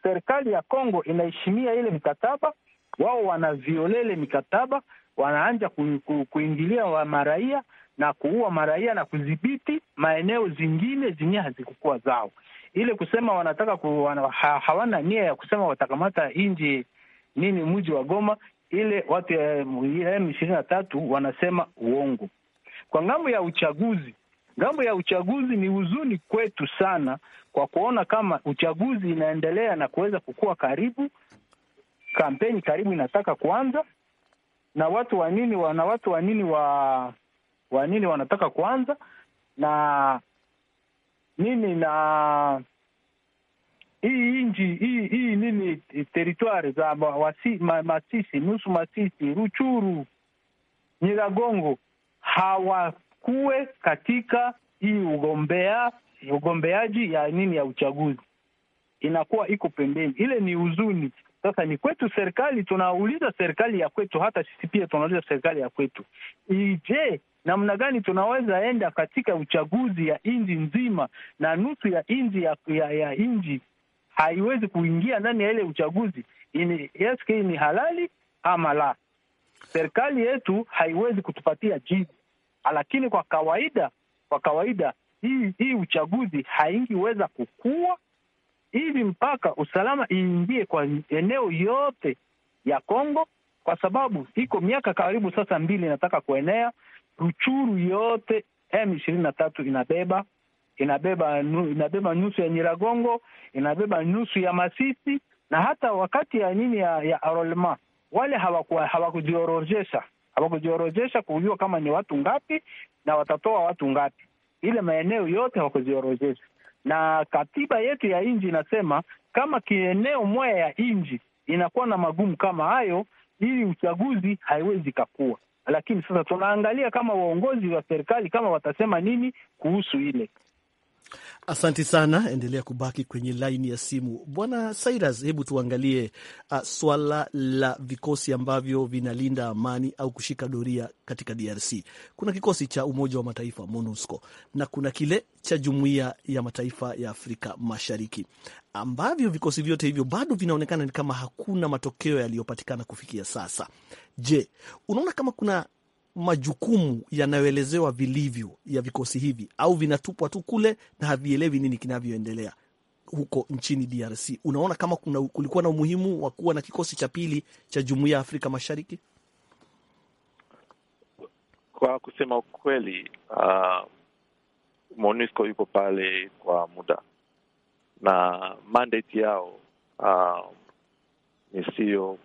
serikali ya Kongo inaheshimia ile mkataba wao wanaviolele mikataba, wanaanja ku, ku, kuingilia wa maraia na kuua maraia na kudhibiti maeneo zingine zenyewe hazikukuwa zao. ili kusema wanataka ku, wana, ha, hawana nia ya kusema watakamata nji nini mji wa Goma, ile watu ya eh, M ishirini na tatu wanasema uongo. Kwa ngambo ya uchaguzi, ngambo ya uchaguzi ni huzuni kwetu sana, kwa kuona kama uchaguzi inaendelea na kuweza kukua karibu kampeni karibu inataka kuanza na watu wa nini wana watu wa nini wa wa nini wanataka kuanza na nini na hii inji hii hii nini teritwari za wasi, ma, Masisi nusu Masisi Ruchuru Nyiragongo hawakuwe katika hii ugombea ugombeaji ya nini ya uchaguzi, inakuwa iko pembeni. Ile ni huzuni sasa ni kwetu serikali, tunauliza serikali ya kwetu, hata sisi pia tunauliza serikali ya kwetu, je, namna gani tunaweza enda katika uchaguzi ya nchi nzima na nusu ya nchi ya, ya, ya nchi haiwezi kuingia ndani ya ile uchaguzi ini, SK ni halali ama la? Serikali yetu haiwezi kutupatia jibu, lakini kwa kawaida, kwa kawaida hii hii uchaguzi haingiweza kukua hivi mpaka usalama iingie kwa eneo yote ya Kongo, kwa sababu iko miaka karibu sasa mbili inataka kuenea Ruchuru yote. M ishirini na tatu inabeba inabeba inabeba nusu ya Nyiragongo, inabeba nusu ya Masisi, na hata wakati ya nini ya, ya arolema wale hawakujiorojesha hawakujiorojesha kujua kama ni watu ngapi na watatoa watu ngapi, ile maeneo yote hawakujiorojesha na katiba yetu ya nchi inasema kama kieneo moya ya nchi inakuwa na magumu kama hayo, ili uchaguzi haiwezi kakuwa. Lakini sasa tunaangalia kama waongozi wa serikali kama watasema nini kuhusu ile Asanti sana, endelea kubaki kwenye laini ya simu. Bwana Cyrus, hebu tuangalie uh, swala la vikosi ambavyo vinalinda amani au kushika doria katika DRC. Kuna kikosi cha Umoja wa Mataifa MONUSCO na kuna kile cha Jumuiya ya Mataifa ya Afrika Mashariki, ambavyo vikosi vyote hivyo bado vinaonekana ni kama hakuna matokeo yaliyopatikana kufikia sasa. Je, unaona kama kuna majukumu yanayoelezewa vilivyo ya vikosi hivi, au vinatupwa tu kule na havielewi nini kinavyoendelea huko nchini DRC? Unaona kama kuna, kulikuwa na umuhimu wa kuwa na kikosi cha pili cha jumuiya ya Afrika Mashariki? Kwa kusema ukweli, uh, MONUSCO yuko pale kwa muda na mandate yao uh, ni sio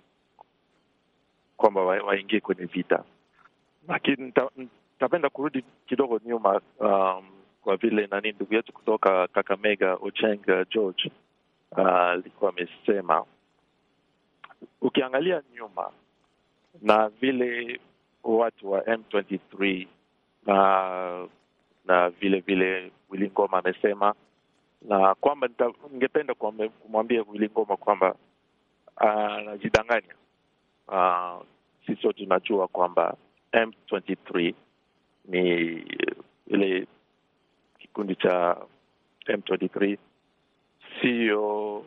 kwamba waingie kwenye vita Nitapenda kurudi kidogo nyuma um, kwa vile nani ndugu yetu kutoka Kakamega Ocheng uh, George uh, alikuwa uh, amesema ukiangalia nyuma na vile watu wa M23 na na vile vile Willy Ngoma amesema na kwamba ningependa kumwambia Willy Ngoma kwamba uh, anajidanganya. Uh, sisi sote tunajua kwamba M23 ni eh, ile kikundi cha M23, siyo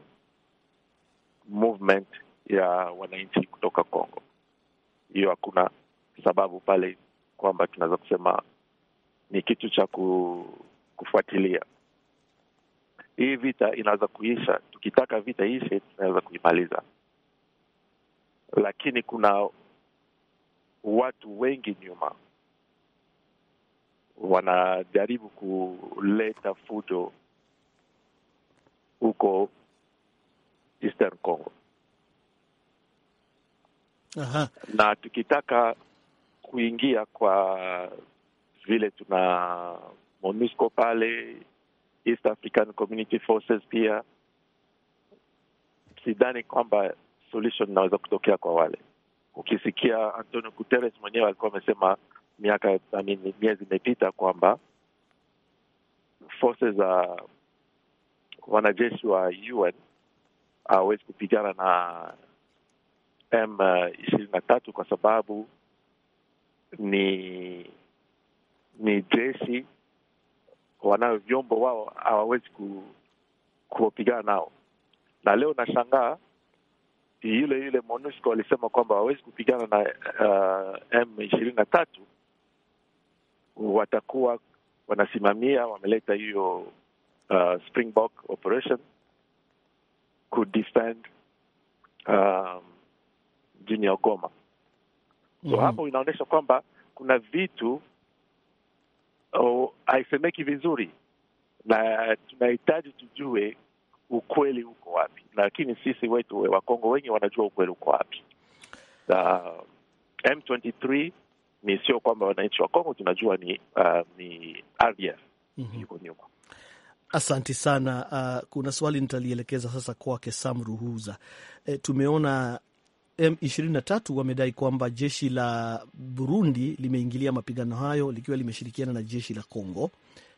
movement ya wananchi kutoka Kongo. Hiyo hakuna sababu pale kwamba tunaweza kusema ni kitu cha kufuatilia. Hii vita inaweza kuisha, tukitaka vita ishe tunaweza kuimaliza, lakini kuna watu wengi nyuma, wanajaribu kuleta fujo huko Eastern Congo. Aha. Na tukitaka kuingia kwa vile tuna MONUSCO pale, East African Community Forces pia, sidhani kwamba solution inaweza kutokea kwa wale ukisikia Antonio Guterres mwenyewe alikuwa amesema miaka amini, miezi imepita kwamba forces za uh, wanajeshi wa UN hawawezi uh, kupigana na M ishirini na tatu kwa sababu ni ni jeshi wanayo vyombo wao hawawezi kupigana nao, na leo nashangaa yule yule MONUSCO walisema kwamba hawawezi kupigana na uh, M ishirini na tatu, watakuwa wanasimamia, wameleta hiyo uh, Springbok operation ku defend mjini um, ya Goma. So mm-hmm. Hapo inaonyesha kwamba kuna vitu oh, haisemeki oh, vizuri na tunahitaji tujue ukweli uko wapi, lakini sisi wetu Wakongo wengi wanajua ukweli uko wapi. M23 ni sio kwamba wananchi wa Kongo tunajua ni, uh, ni RDF mm -hmm. yuko nyuma. Asanti sana. Uh, kuna swali nitalielekeza sasa kwake Sam Ruhuza. E, tumeona M23 wamedai kwamba jeshi la Burundi limeingilia mapigano hayo likiwa limeshirikiana na jeshi la Kongo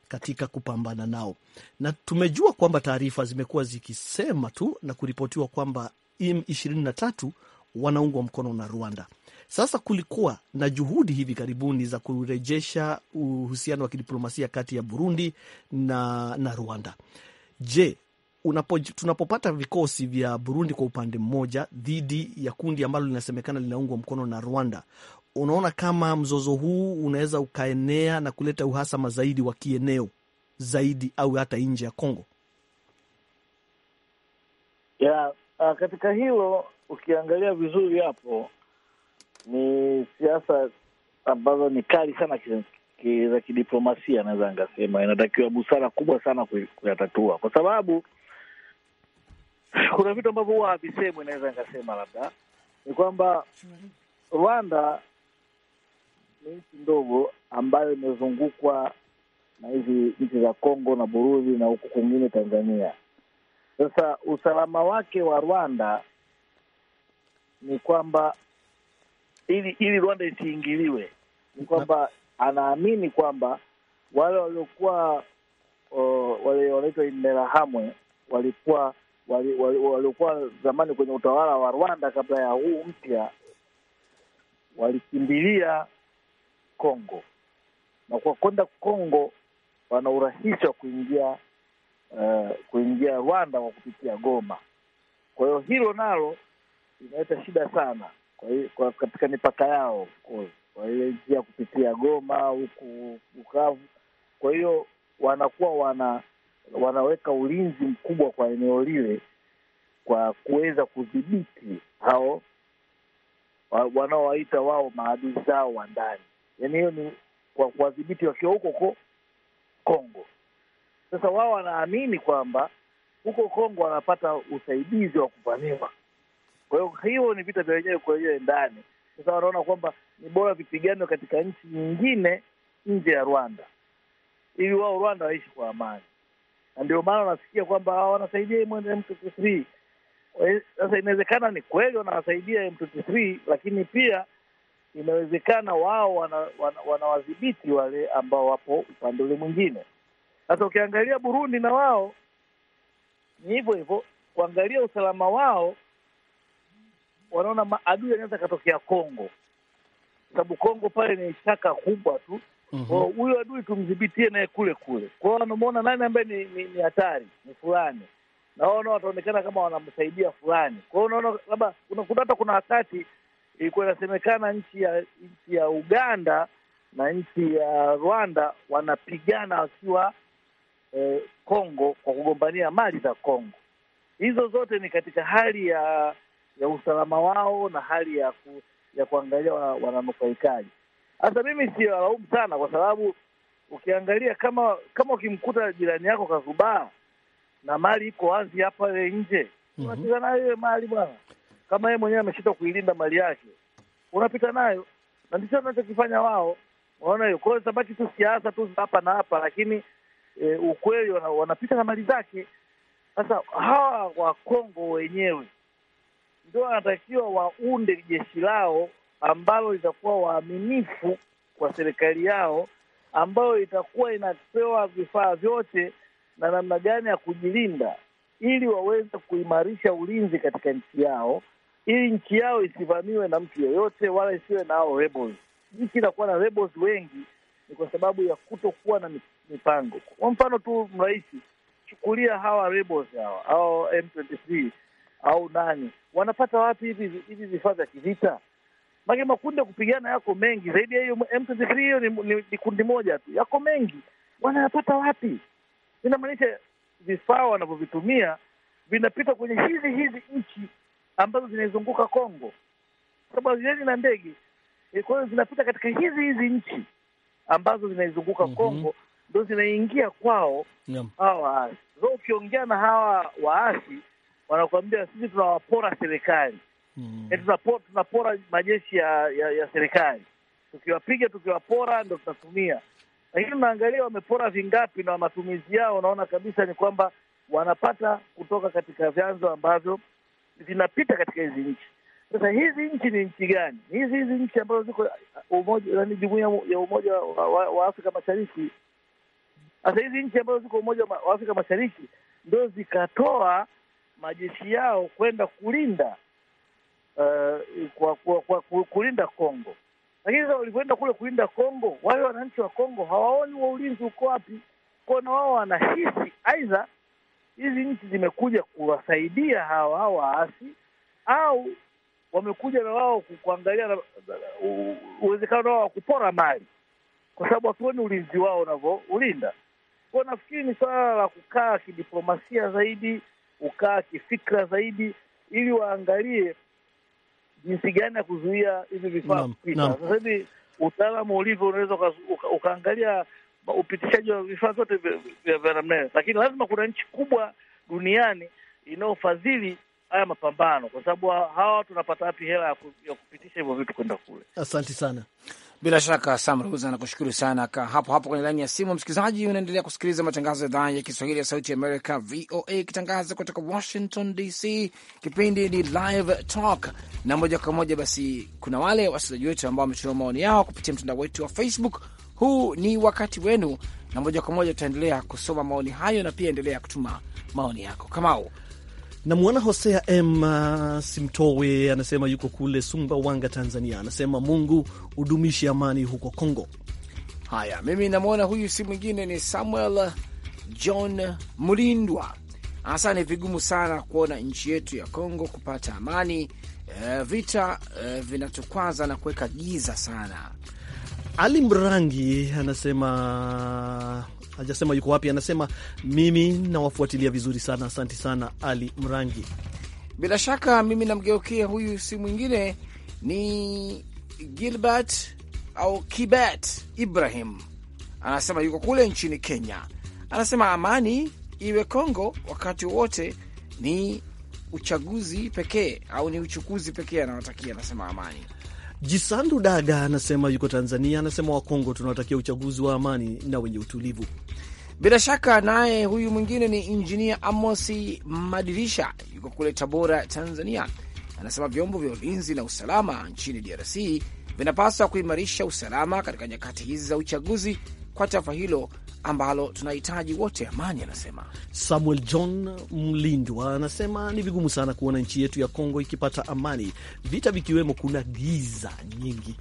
katika kupambana nao, na tumejua kwamba taarifa zimekuwa zikisema tu na kuripotiwa kwamba M23 wanaungwa mkono na Rwanda. Sasa kulikuwa na juhudi hivi karibuni za kurejesha uhusiano wa kidiplomasia kati ya Burundi na, na Rwanda. Je, unapo, tunapopata vikosi vya Burundi kwa upande mmoja dhidi ya kundi ambalo linasemekana linaungwa mkono na Rwanda, unaona kama mzozo huu unaweza ukaenea na kuleta uhasama zaidi wa kieneo zaidi au hata nje ya Kongo? Yeah, uh, katika hilo ukiangalia vizuri hapo ni siasa ambazo ni kali sana za kidiplomasia, naweza ngasema inatakiwa busara kubwa sana kuyatatua, kwa sababu kuna vitu ambavyo huwa havisemwi. Naweza ngasema labda ni kwamba Rwanda ni nchi ndogo ambayo imezungukwa na hizi nchi za Kongo na Burundi na huku kwingine Tanzania. Sasa usalama wake wa Rwanda ni kwamba ili ili Rwanda isiingiliwe, ni kwamba anaamini kwamba wale waliokuwa wale wanaitwa Interahamwe walikuwa waliokuwa zamani kwenye utawala wa Rwanda kabla ya huu mpya walikimbilia Kongo, na kwa kwenda Kongo wana urahisi wa kuingia uh, kuingia Rwanda kwa kupitia Goma. Kwa hiyo hilo nalo linaleta shida sana kwa, kwa katika mipaka yao kwa hiyo njia kupitia Goma huku Bukavu. Kwa hiyo wanakuwa wana wanaweka ulinzi mkubwa kwa eneo lile kwa kuweza kudhibiti hao wanaowaita wao maadui zao wa ndani yani hiyo ni kwa kuwadhibiti wakiwa huko huko Kongo. Sasa wao wanaamini kwamba huko Kongo wanapata usaidizi wa kuvamiwa, kwa hiyo hiyo ni vita vya wenyewe kwa wenyewe ndani. Sasa wanaona kwamba ni bora vipiganwe katika nchi nyingine nje ya Rwanda ili wao Rwanda waishi kwa amani, na ndio maana wanasikia kwamba wanasaidia M23. Sasa inawezekana ni kweli wanawasaidia M23, lakini pia inawezekana wao wanawadhibiti wana, wana wale ambao wapo upande ule mwingine. Sasa ukiangalia Burundi na wao ni hivyo hivyo, kuangalia usalama wao, wanaona maadui anaweza akatokea Kongo, sababu Kongo pale ni shaka kubwa tu mhm. huyo mm -hmm. Adui tumdhibitie naye kule kule kwao, wanamwona nani ambaye ni, ni, ni hatari ni fulani, na wao nao wataonekana kama wanamsaidia fulani. Kwao unaona, labda unakuta hata kuna wakati ilikuwa inasemekana nchi ya nchi ya Uganda na nchi ya Rwanda wanapigana wakiwa eh, Kongo eh, kwa kugombania mali za Kongo. Hizo zote ni katika hali ya ya usalama wao na hali ya ku, ya kuangalia wananufaikaji. Sasa mimi siwalaumu sana, kwa sababu ukiangalia kama kama ukimkuta jirani yako kazubaa na mali iko wazi hapa nje, mhm. unacheza nayo ile mali bwana kama yeye mwenyewe ameshindwa kuilinda mali yake, unapita nayo, na ndicho wanachokifanya wao. Unaona hiyo, kwa hiyo tabaki tu siasa tu za hapa na hapa, lakini e, ukweli wanapita na mali zake. Sasa hawa Wakongo wenyewe ndio wanatakiwa waunde jeshi lao ambalo litakuwa waaminifu kwa serikali yao, ambayo itakuwa inapewa vifaa vyote na namna gani ya kujilinda, ili waweze kuimarisha ulinzi katika nchi yao, ili nchi yao isivamiwe na mtu yoyote wala isiwe na hao rebels. Nchi inakuwa na rebels wengi ni kwa sababu ya kutokuwa na mipango. Kwa mfano tu mrahisi, chukulia hawa rebels hawa au M23 au nani, wanapata wapi hivi hivi vifaa vya kivita? Maana makundi ya kupigana yako mengi zaidi ya hiyo M23. Hiyo ni, ni, ni kundi moja tu, yako mengi, wanayapata wapi? Inamaanisha vifaa wanavyovitumia vinapita kwenye hizi hizi nchi ambazo zinaizunguka Kongo, sababu haziendani na ndege. Eh, kwa hiyo zinapita katika hizi hizi nchi ambazo zinaizunguka mm -hmm. Kongo ndo zinaingia kwao hawa waasi. So ukiongea na hawa waasi wanakuambia sisi tunawapora serikali mm -hmm. tunapora, tunapora majeshi ya, ya, ya serikali tukiwapiga tukiwapora ndo tunatumia, lakini unaangalia wamepora vingapi na matumizi yao, unaona kabisa ni kwamba wanapata kutoka katika vyanzo ambavyo zinapita katika hizi nchi. Sasa hizi nchi ni nchi gani? Hizi hizi nchi ambazo ziko uh, jumuia ya Umoja wa, wa, wa Afrika Mashariki. Sasa hizi nchi ambazo ziko Umoja wa Afrika Mashariki ndo zikatoa majeshi yao kwenda kulinda uh, kwa, kwa, kwa, kwa kulinda Kongo. Lakini sasa walivyoenda kule kulinda Kongo, wale wananchi wa Kongo hawaoni wa ulinzi uko wapi, kwa na wao wanahisi aidha hizi nchi zimekuja kuwasaidia hawa waasi au wamekuja na wao kuangalia uwezekano wao wa kupora mali, kwa sababu hatuoni ulinzi wao unavyoulinda. Kwa nafikiri ni suala la kukaa kidiplomasia zaidi, kukaa kifikra zaidi, ili waangalie jinsi gani ya kuzuia hivi vifaa kupita. Sasa hivi utaalamu ulivyo, unaweza ukaangalia upitishaji wa vifaa vyote vya ramnene, lakini lazima kuna nchi kubwa duniani inayofadhili haya mapambano, kwa sababu hawa watu wanapata wapi hela ya kupitisha hivyo vitu kwenda kule? Asante sana. Bila shaka Sam nakushukuru sana. Ka hapo hapo kwenye laini ya simu, msikilizaji, unaendelea kusikiliza matangazo ya idhaa ya Kiswahili ya Sauti ya Amerika, VOA, ikitangaza kutoka Washington DC. Kipindi ni Live Talk na moja kwa moja. Basi kuna wale wasikilizaji wetu ambao wametuma maoni yao kupitia mtandao wetu wa Facebook huu ni wakati wenu, na moja kwa moja tutaendelea kusoma maoni hayo, na pia endelea kutuma maoni yako Kamau. Namwona Hosea M uh, Simtowe anasema yuko kule Sumbawanga, Tanzania. Anasema Mungu udumishe amani huko Kongo. Haya, mimi namwona huyu si mwingine ni Samuel John Mulindwa. Hasa ni vigumu sana kuona nchi yetu ya Kongo kupata amani. E, vita e, eh, vinatukwaza na kuweka giza sana. Ali Mrangi anasema hajasema yuko wapi, anasema mimi nawafuatilia vizuri sana. Asanti sana Ali Mrangi. Bila shaka mimi namgeukia huyu, si mwingine ni Gilbert au Kibet Ibrahim, anasema yuko kule nchini Kenya. Anasema amani iwe Kongo wakati wowote, ni uchaguzi pekee au ni uchukuzi pekee anawatakia, anasema amani Jisandu Dada anasema yuko Tanzania, anasema Wakongo tunawatakia uchaguzi wa amani na wenye utulivu. Bila shaka naye huyu mwingine ni Injinia Amosi Madirisha, yuko kule Tabora, Tanzania, anasema vyombo vya ulinzi na usalama nchini DRC vinapaswa kuimarisha usalama katika nyakati hizi za uchaguzi kwa taifa hilo ambalo tunahitaji wote amani, anasema Samuel John Mlindwa. Anasema ni vigumu sana kuona nchi yetu ya Kongo ikipata amani, vita vikiwemo, kuna giza nyingi.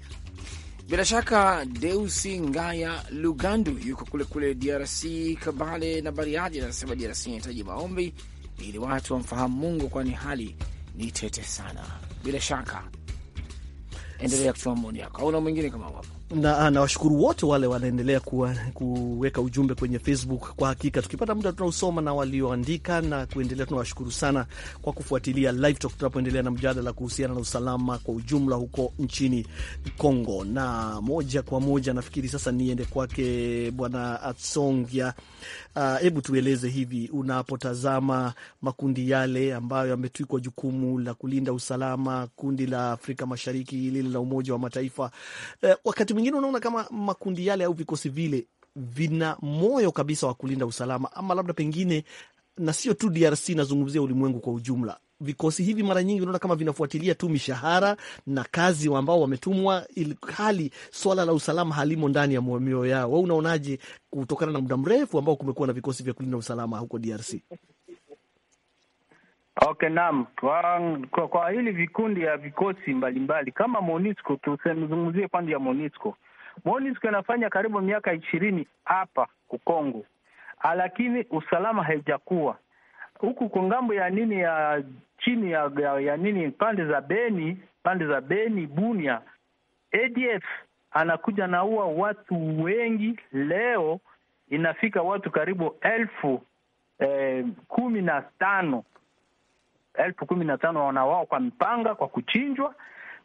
Bila shaka Deusi Ngaya Lugandu yuko kule kule DRC, Kabale na Bariadi, anasema DRC inahitaji maombi ili watu wamfahamu Mungu, kwani hali ni tete sana. Bila shaka endelea kutuma maoni yako au na mwingine kama wapo na ah, nawashukuru wote wale wanaendelea kuweka ujumbe kwenye Facebook. Kwa hakika tukipata muda tunausoma, na walioandika na kuendelea, tunawashukuru sana kwa kufuatilia Live Talk tunapoendelea na mjadala kuhusiana na usalama kwa ujumla huko nchini congo Na moja kwa moja nafikiri sasa niende kwake Bwana Atsongia Hebu uh, tueleze hivi, unapotazama makundi yale ambayo yametwikwa jukumu la kulinda usalama, kundi la Afrika Mashariki, lile la Umoja wa Mataifa, uh, wakati mwingine unaona kama makundi yale au vikosi vile vina moyo kabisa wa kulinda usalama, ama labda pengine na sio tu DRC, nazungumzia ulimwengu kwa ujumla vikosi hivi mara nyingi unaona kama vinafuatilia tu mishahara na kazi ambao wametumwa, ilhali swala la usalama halimo ndani ya mioyo yao. Wewe unaonaje, kutokana na muda mrefu ambao kumekuwa na vikosi vya kulinda usalama huko DRC? Okay, naam. Kwa, kwa hili vikundi ya vikosi mbalimbali mbali, kama MONUSCO tuzungumzie pande ya MONUSCO. MONUSCO inafanya karibu miaka ishirini hapa Kukongo, lakini usalama haijakuwa huku kwa ngambo ya nini ya chini ya, ya, ya nini pande za Beni, pande za Beni Bunia, ADF anakuja naua watu wengi. Leo inafika watu karibu elfu eh, kumi na tano elfu kumi na tano wanawao kwa mpanga kwa kuchinjwa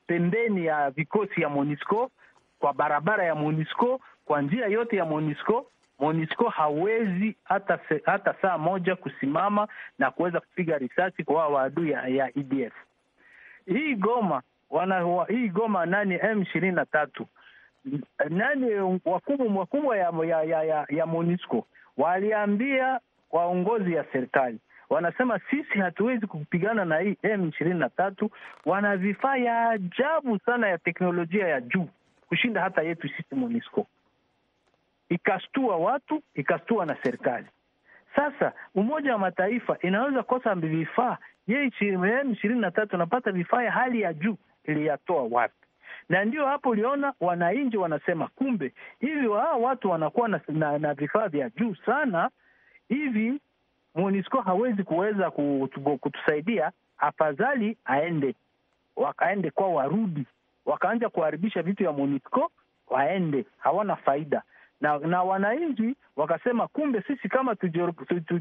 pembeni ya vikosi ya MONUSCO kwa barabara ya MONUSCO kwa njia yote ya MONUSCO MONUSCO hawezi hata, hata saa moja kusimama na kuweza kupiga risasi kwa waadui ya, ya EDF. Hii Goma wana, hii Goma nani M ishirini na tatu nani wakubwa wakubwa ya, ya, ya, ya, ya MONUSCO waliambia waongozi ya serikali wanasema sisi hatuwezi kupigana na hii M ishirini na tatu. Wana vifaa ya ajabu sana ya teknolojia ya juu kushinda hata yetu sisi MONUSCO ikashtua watu, ikashtua na serikali. Sasa Umoja wa Mataifa inaweza kosa vifaa ye ishirini na tatu anapata vifaa ya hali ya juu, iliyatoa wapi? Na ndio hapo uliona wananchi wanasema kumbe hivi hawa watu wanakuwa na, na, na vifaa vya juu sana hivi MONUSCO hawezi kuweza kutusaidia, afadhali aende wakaende kwa warudi wakaanja kuharibisha vitu ya MONUSCO waende, hawana faida na, na wananchi wakasema kumbe sisi kama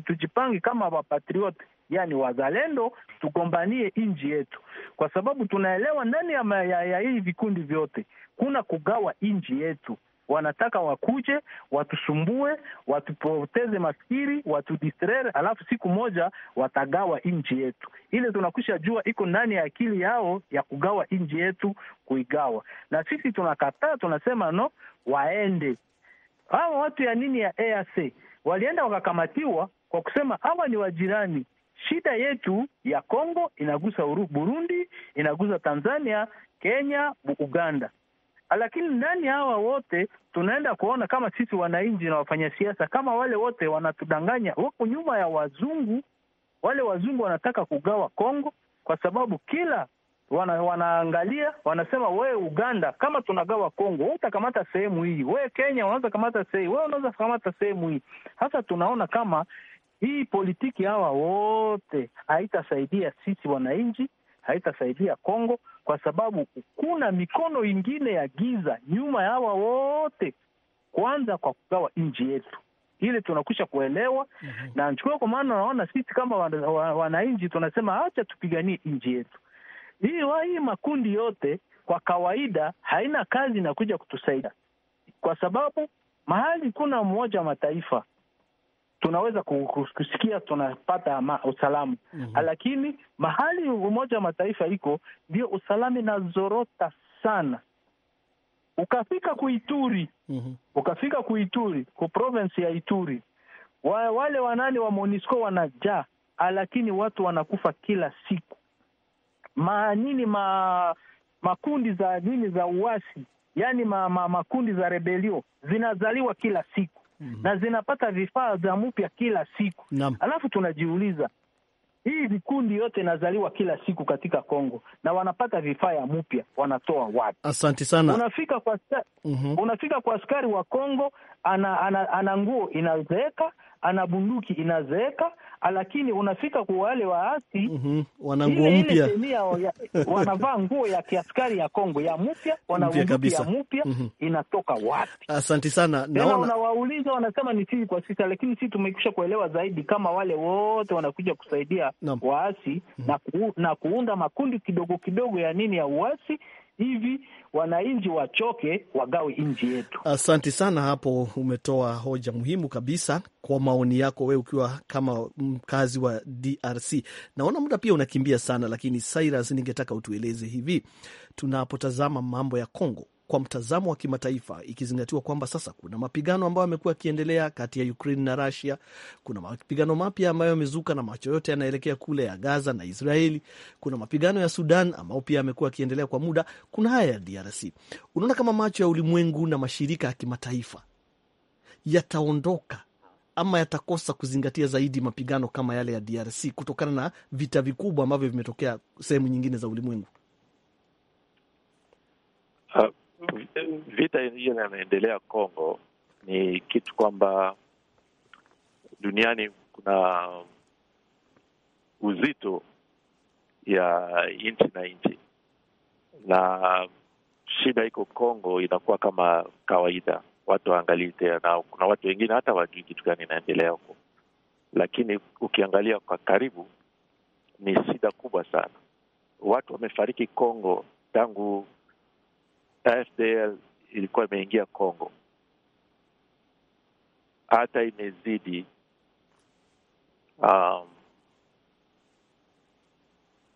tujipange kama wapatriot, yani wazalendo, tugombanie nchi yetu, kwa sababu tunaelewa ndani ya, ya, ya hii vikundi vyote kuna kugawa nchi yetu wanataka wakuje watusumbue, watupoteze maskiri, watudistrere, alafu siku moja watagawa nchi yetu. Ile tunakwisha jua iko ndani ya akili yao ya kugawa nchi yetu, kuigawa. Na sisi tunakataa, tunasema no, waende hawa watu ya nini ya EAC walienda wakakamatiwa kwa kusema hawa ni wajirani. Shida yetu ya Kongo inagusa Burundi, inagusa Tanzania, Kenya, Uganda, lakini ndani hawa wote tunaenda kuona kama sisi wananchi na wafanya siasa kama wale wote wanatudanganya, wako nyuma ya wazungu. Wale wazungu wanataka kugawa Kongo kwa sababu kila wana, wanaangalia wanasema, we Uganda, kama tunagawa Kongo, we utakamata sehemu hii, we Kenya unaweza kamata sehemu, we unaweza kamata sehemu hii. Sasa tunaona kama hii politiki hawa wote haitasaidia sisi wananchi, haitasaidia Kongo kwa sababu kuna mikono ingine ya giza nyuma ya hawa wote, kwanza kwa kugawa nchi yetu ile tunakwisha kuelewa mm -hmm. Na nchukua kwa maana, naona sisi kama wananchi wana tunasema, acha tupiganie nchi yetu, hii makundi yote kwa kawaida haina kazi inakuja kutusaidia, kwa sababu mahali kuna mmoja wa Mataifa tunaweza kusikia tunapata ama usalama mm -hmm. Lakini mahali Umoja wa Mataifa iko ndio usalama inazorota sana. Ukafika kuituri mm -hmm. ukafika kuituri ku province ya Ituri wa, wale wanani wa Monisco wanajaa, lakini watu wanakufa kila siku ma nini ma makundi za nini za uasi yani ma, ma, makundi za rebelio zinazaliwa kila siku mm -hmm. na zinapata vifaa vya mpya kila siku Nam. Alafu tunajiuliza hii vikundi yote inazaliwa kila siku katika Kongo na wanapata vifaa ya mpya wanatoa wapi? Asante sana. Unafika kwa askari, mm -hmm. unafika kwa askari wa Kongo ana, ana, ana nguo inazeeka, ana bunduki inazeeka, Ah, lakini unafika kwa wale waasi mhm. wana nguo mpya wanavaa nguo ya kiaskari ya Kongo ya mpya kabisa mpya mhm. inatoka wapi? Asante sana. Naona unawauliza wanasema ni sisi kwa sisi, lakini sisi tumekwisha kuelewa zaidi kama wale wote wanakuja kusaidia waasi mhm. na, ku, na kuunda makundi kidogo kidogo ya nini ya uasi hivi wananchi wachoke, wagawe nchi yetu. Asante sana, hapo umetoa hoja muhimu kabisa kwa maoni yako, wewe ukiwa kama mkazi wa DRC. Naona muda pia unakimbia sana, lakini Cyrus, ningetaka utueleze hivi, tunapotazama mambo ya Kongo kwa mtazamo wa kimataifa, ikizingatiwa kwamba sasa kuna mapigano ambayo yamekuwa yakiendelea kati ya Ukraine na Russia. Kuna mapigano mapya ambayo yamezuka na macho yote yanaelekea kule ya Gaza na Israeli. Kuna mapigano ya Sudan ambayo pia yamekuwa yakiendelea kwa muda. Kuna haya ya DRC. Unaona kama macho ya ulimwengu na mashirika ya kimataifa yataondoka ama yatakosa kuzingatia zaidi mapigano kama yale ya DRC kutokana na vita vikubwa ambavyo vimetokea sehemu nyingine za ulimwengu. Uh, vita hiyo yanaendelea Kongo ni kitu kwamba duniani kuna uzito ya nchi na nchi, na shida iko Kongo inakuwa kama kawaida, watu waangalii tena, na kuna watu wengine hata wajui kitu gani inaendelea huko, lakini ukiangalia kwa karibu ni shida kubwa sana. Watu wamefariki Kongo tangu FDL ilikuwa imeingia Kongo, hata imezidi um,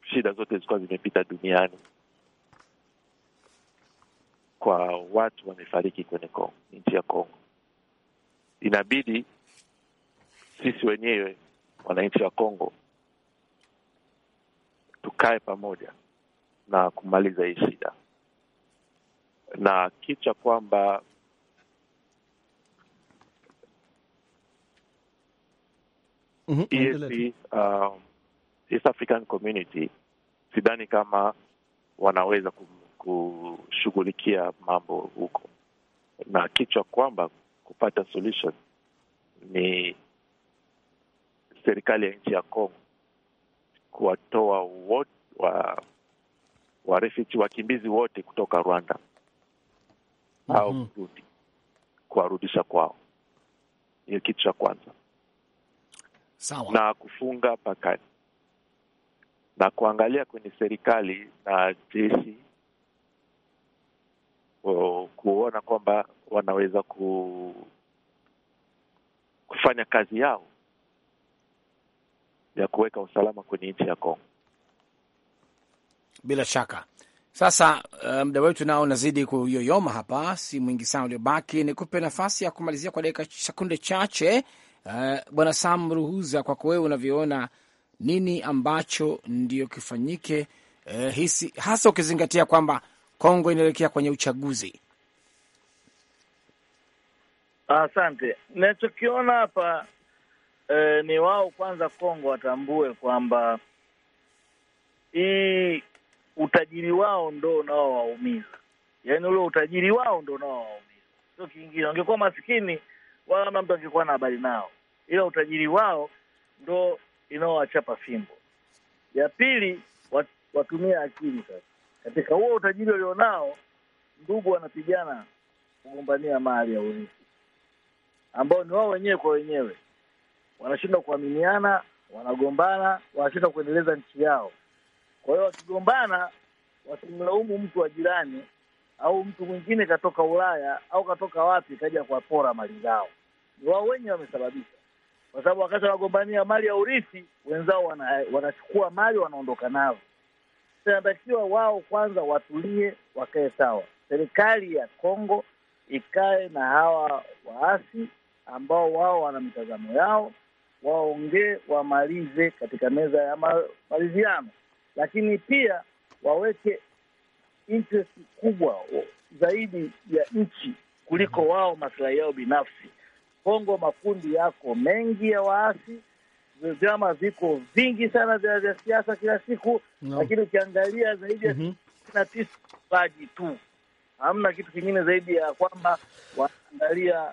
shida zote zilikuwa zimepita duniani kwa watu wamefariki kwenye Kongo, nchi ya Kongo. Inabidi sisi wenyewe wananchi wa Kongo tukae pamoja na kumaliza hii shida na kicha kwamba mm -hmm. EAC, um, East African Community sidhani kama wanaweza kushughulikia mambo huko, na kichwa kwamba kupata solution ni serikali ya nchi ya congo kuwatoa wa, wa refugee wakimbizi wote kutoka Rwanda mm -hmm. au mm-hmm. kurudi kuwarudisha kwao. Hiyo kitu cha kwanza. Sawa. Na kufunga pakani na kuangalia kwenye serikali na jeshi kuona kwamba wanaweza ku kufanya kazi yao ya kuweka usalama kwenye nchi ya Kongo. Bila shaka sasa eh, muda um, wetu nao unazidi kuyoyoma hapa, si mwingi sana uliobaki. Nikupe nafasi ya kumalizia kwa dakika sekunde chache, uh, Bwana Sam Ruhuza, kwako wewe unavyoona nini ambacho ndio kifanyike, uh, eh, hisi hasa ukizingatia kwamba Kongo inaelekea kwenye uchaguzi? Asante. Nachokiona hapa eh, ni wao kwanza Kongo watambue kwamba hii utajiri wao ndo unaowaumiza, yaani ule utajiri wao ndo unaowaumiza, sio kingine. Wangekuwa masikini wala mtu angekuwa na habari nao, ila utajiri wao ndo inaowachapa fimbo. Ya pili, watumia akili sasa. Katika huo utajiri walionao, ndugu wanapigana kugombania mali ya urithi ambao ni wao wenyewe kwa wenyewe, wanashindwa kuaminiana, wanagombana, wanashindwa kuendeleza nchi yao. Kwa hiyo wakigombana, wasimlaumu mtu wa jirani au mtu mwingine katoka Ulaya au katoka wapi kaja kuwapora mali zao. Ni wao wenyewe wamesababisha, kwa sababu wakati wanagombania mali ya urithi, wenzao wana, wanachukua mali wanaondoka nazo. Inatakiwa wao kwanza watulie, wakae sawa. Serikali ya Kongo ikae na hawa waasi ambao wao wana mitazamo yao, waongee, wamalize katika meza ya ma, maliziano lakini pia waweke interest kubwa zaidi ya nchi kuliko mhm. wao maslahi yao binafsi. Kongo makundi yako mengi ya waasi, vyama viko vingi sana vya siasa kila siku no. Lakini ukiangalia zaidi ya mm -hmm. tisa tu hamna kitu kingine zaidi ya kwamba wa kuangalia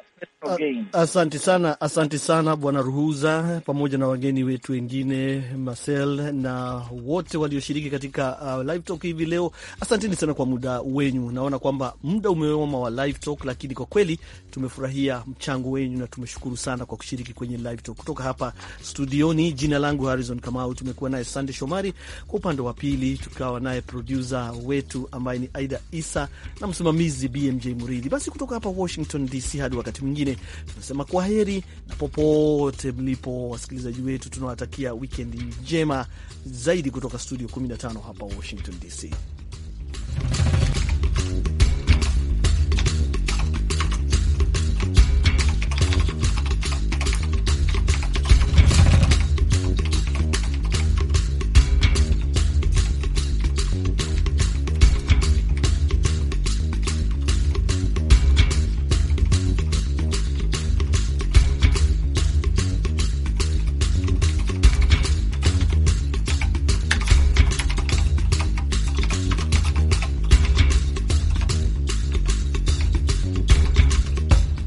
Asante sana, asante sana Bwana Ruhuza, pamoja na wageni wetu wengine Marcel na wote walioshiriki katika uh, live talk hivi leo. Asanteni sana kwa muda wenyu. Naona kwamba muda umeoma wa live talk, lakini kwa kweli tumefurahia mchango wenyu na tumeshukuru sana kwa kushiriki kwenye live talk. Kutoka hapa studioni, jina langu Harrison Kamau, tumekuwa naye Sande Shomari kwa upande wa pili, tukawa naye producer wetu ambaye ni Aida Isa na msimamizi BMJ Muridhi. Basi kutoka hapa Washington DC. Hadi wakati mwingine, tunasema kwa heri na popote mlipo, wasikilizaji wetu, tunawatakia wikendi njema zaidi kutoka studio 15 hapa Washington DC.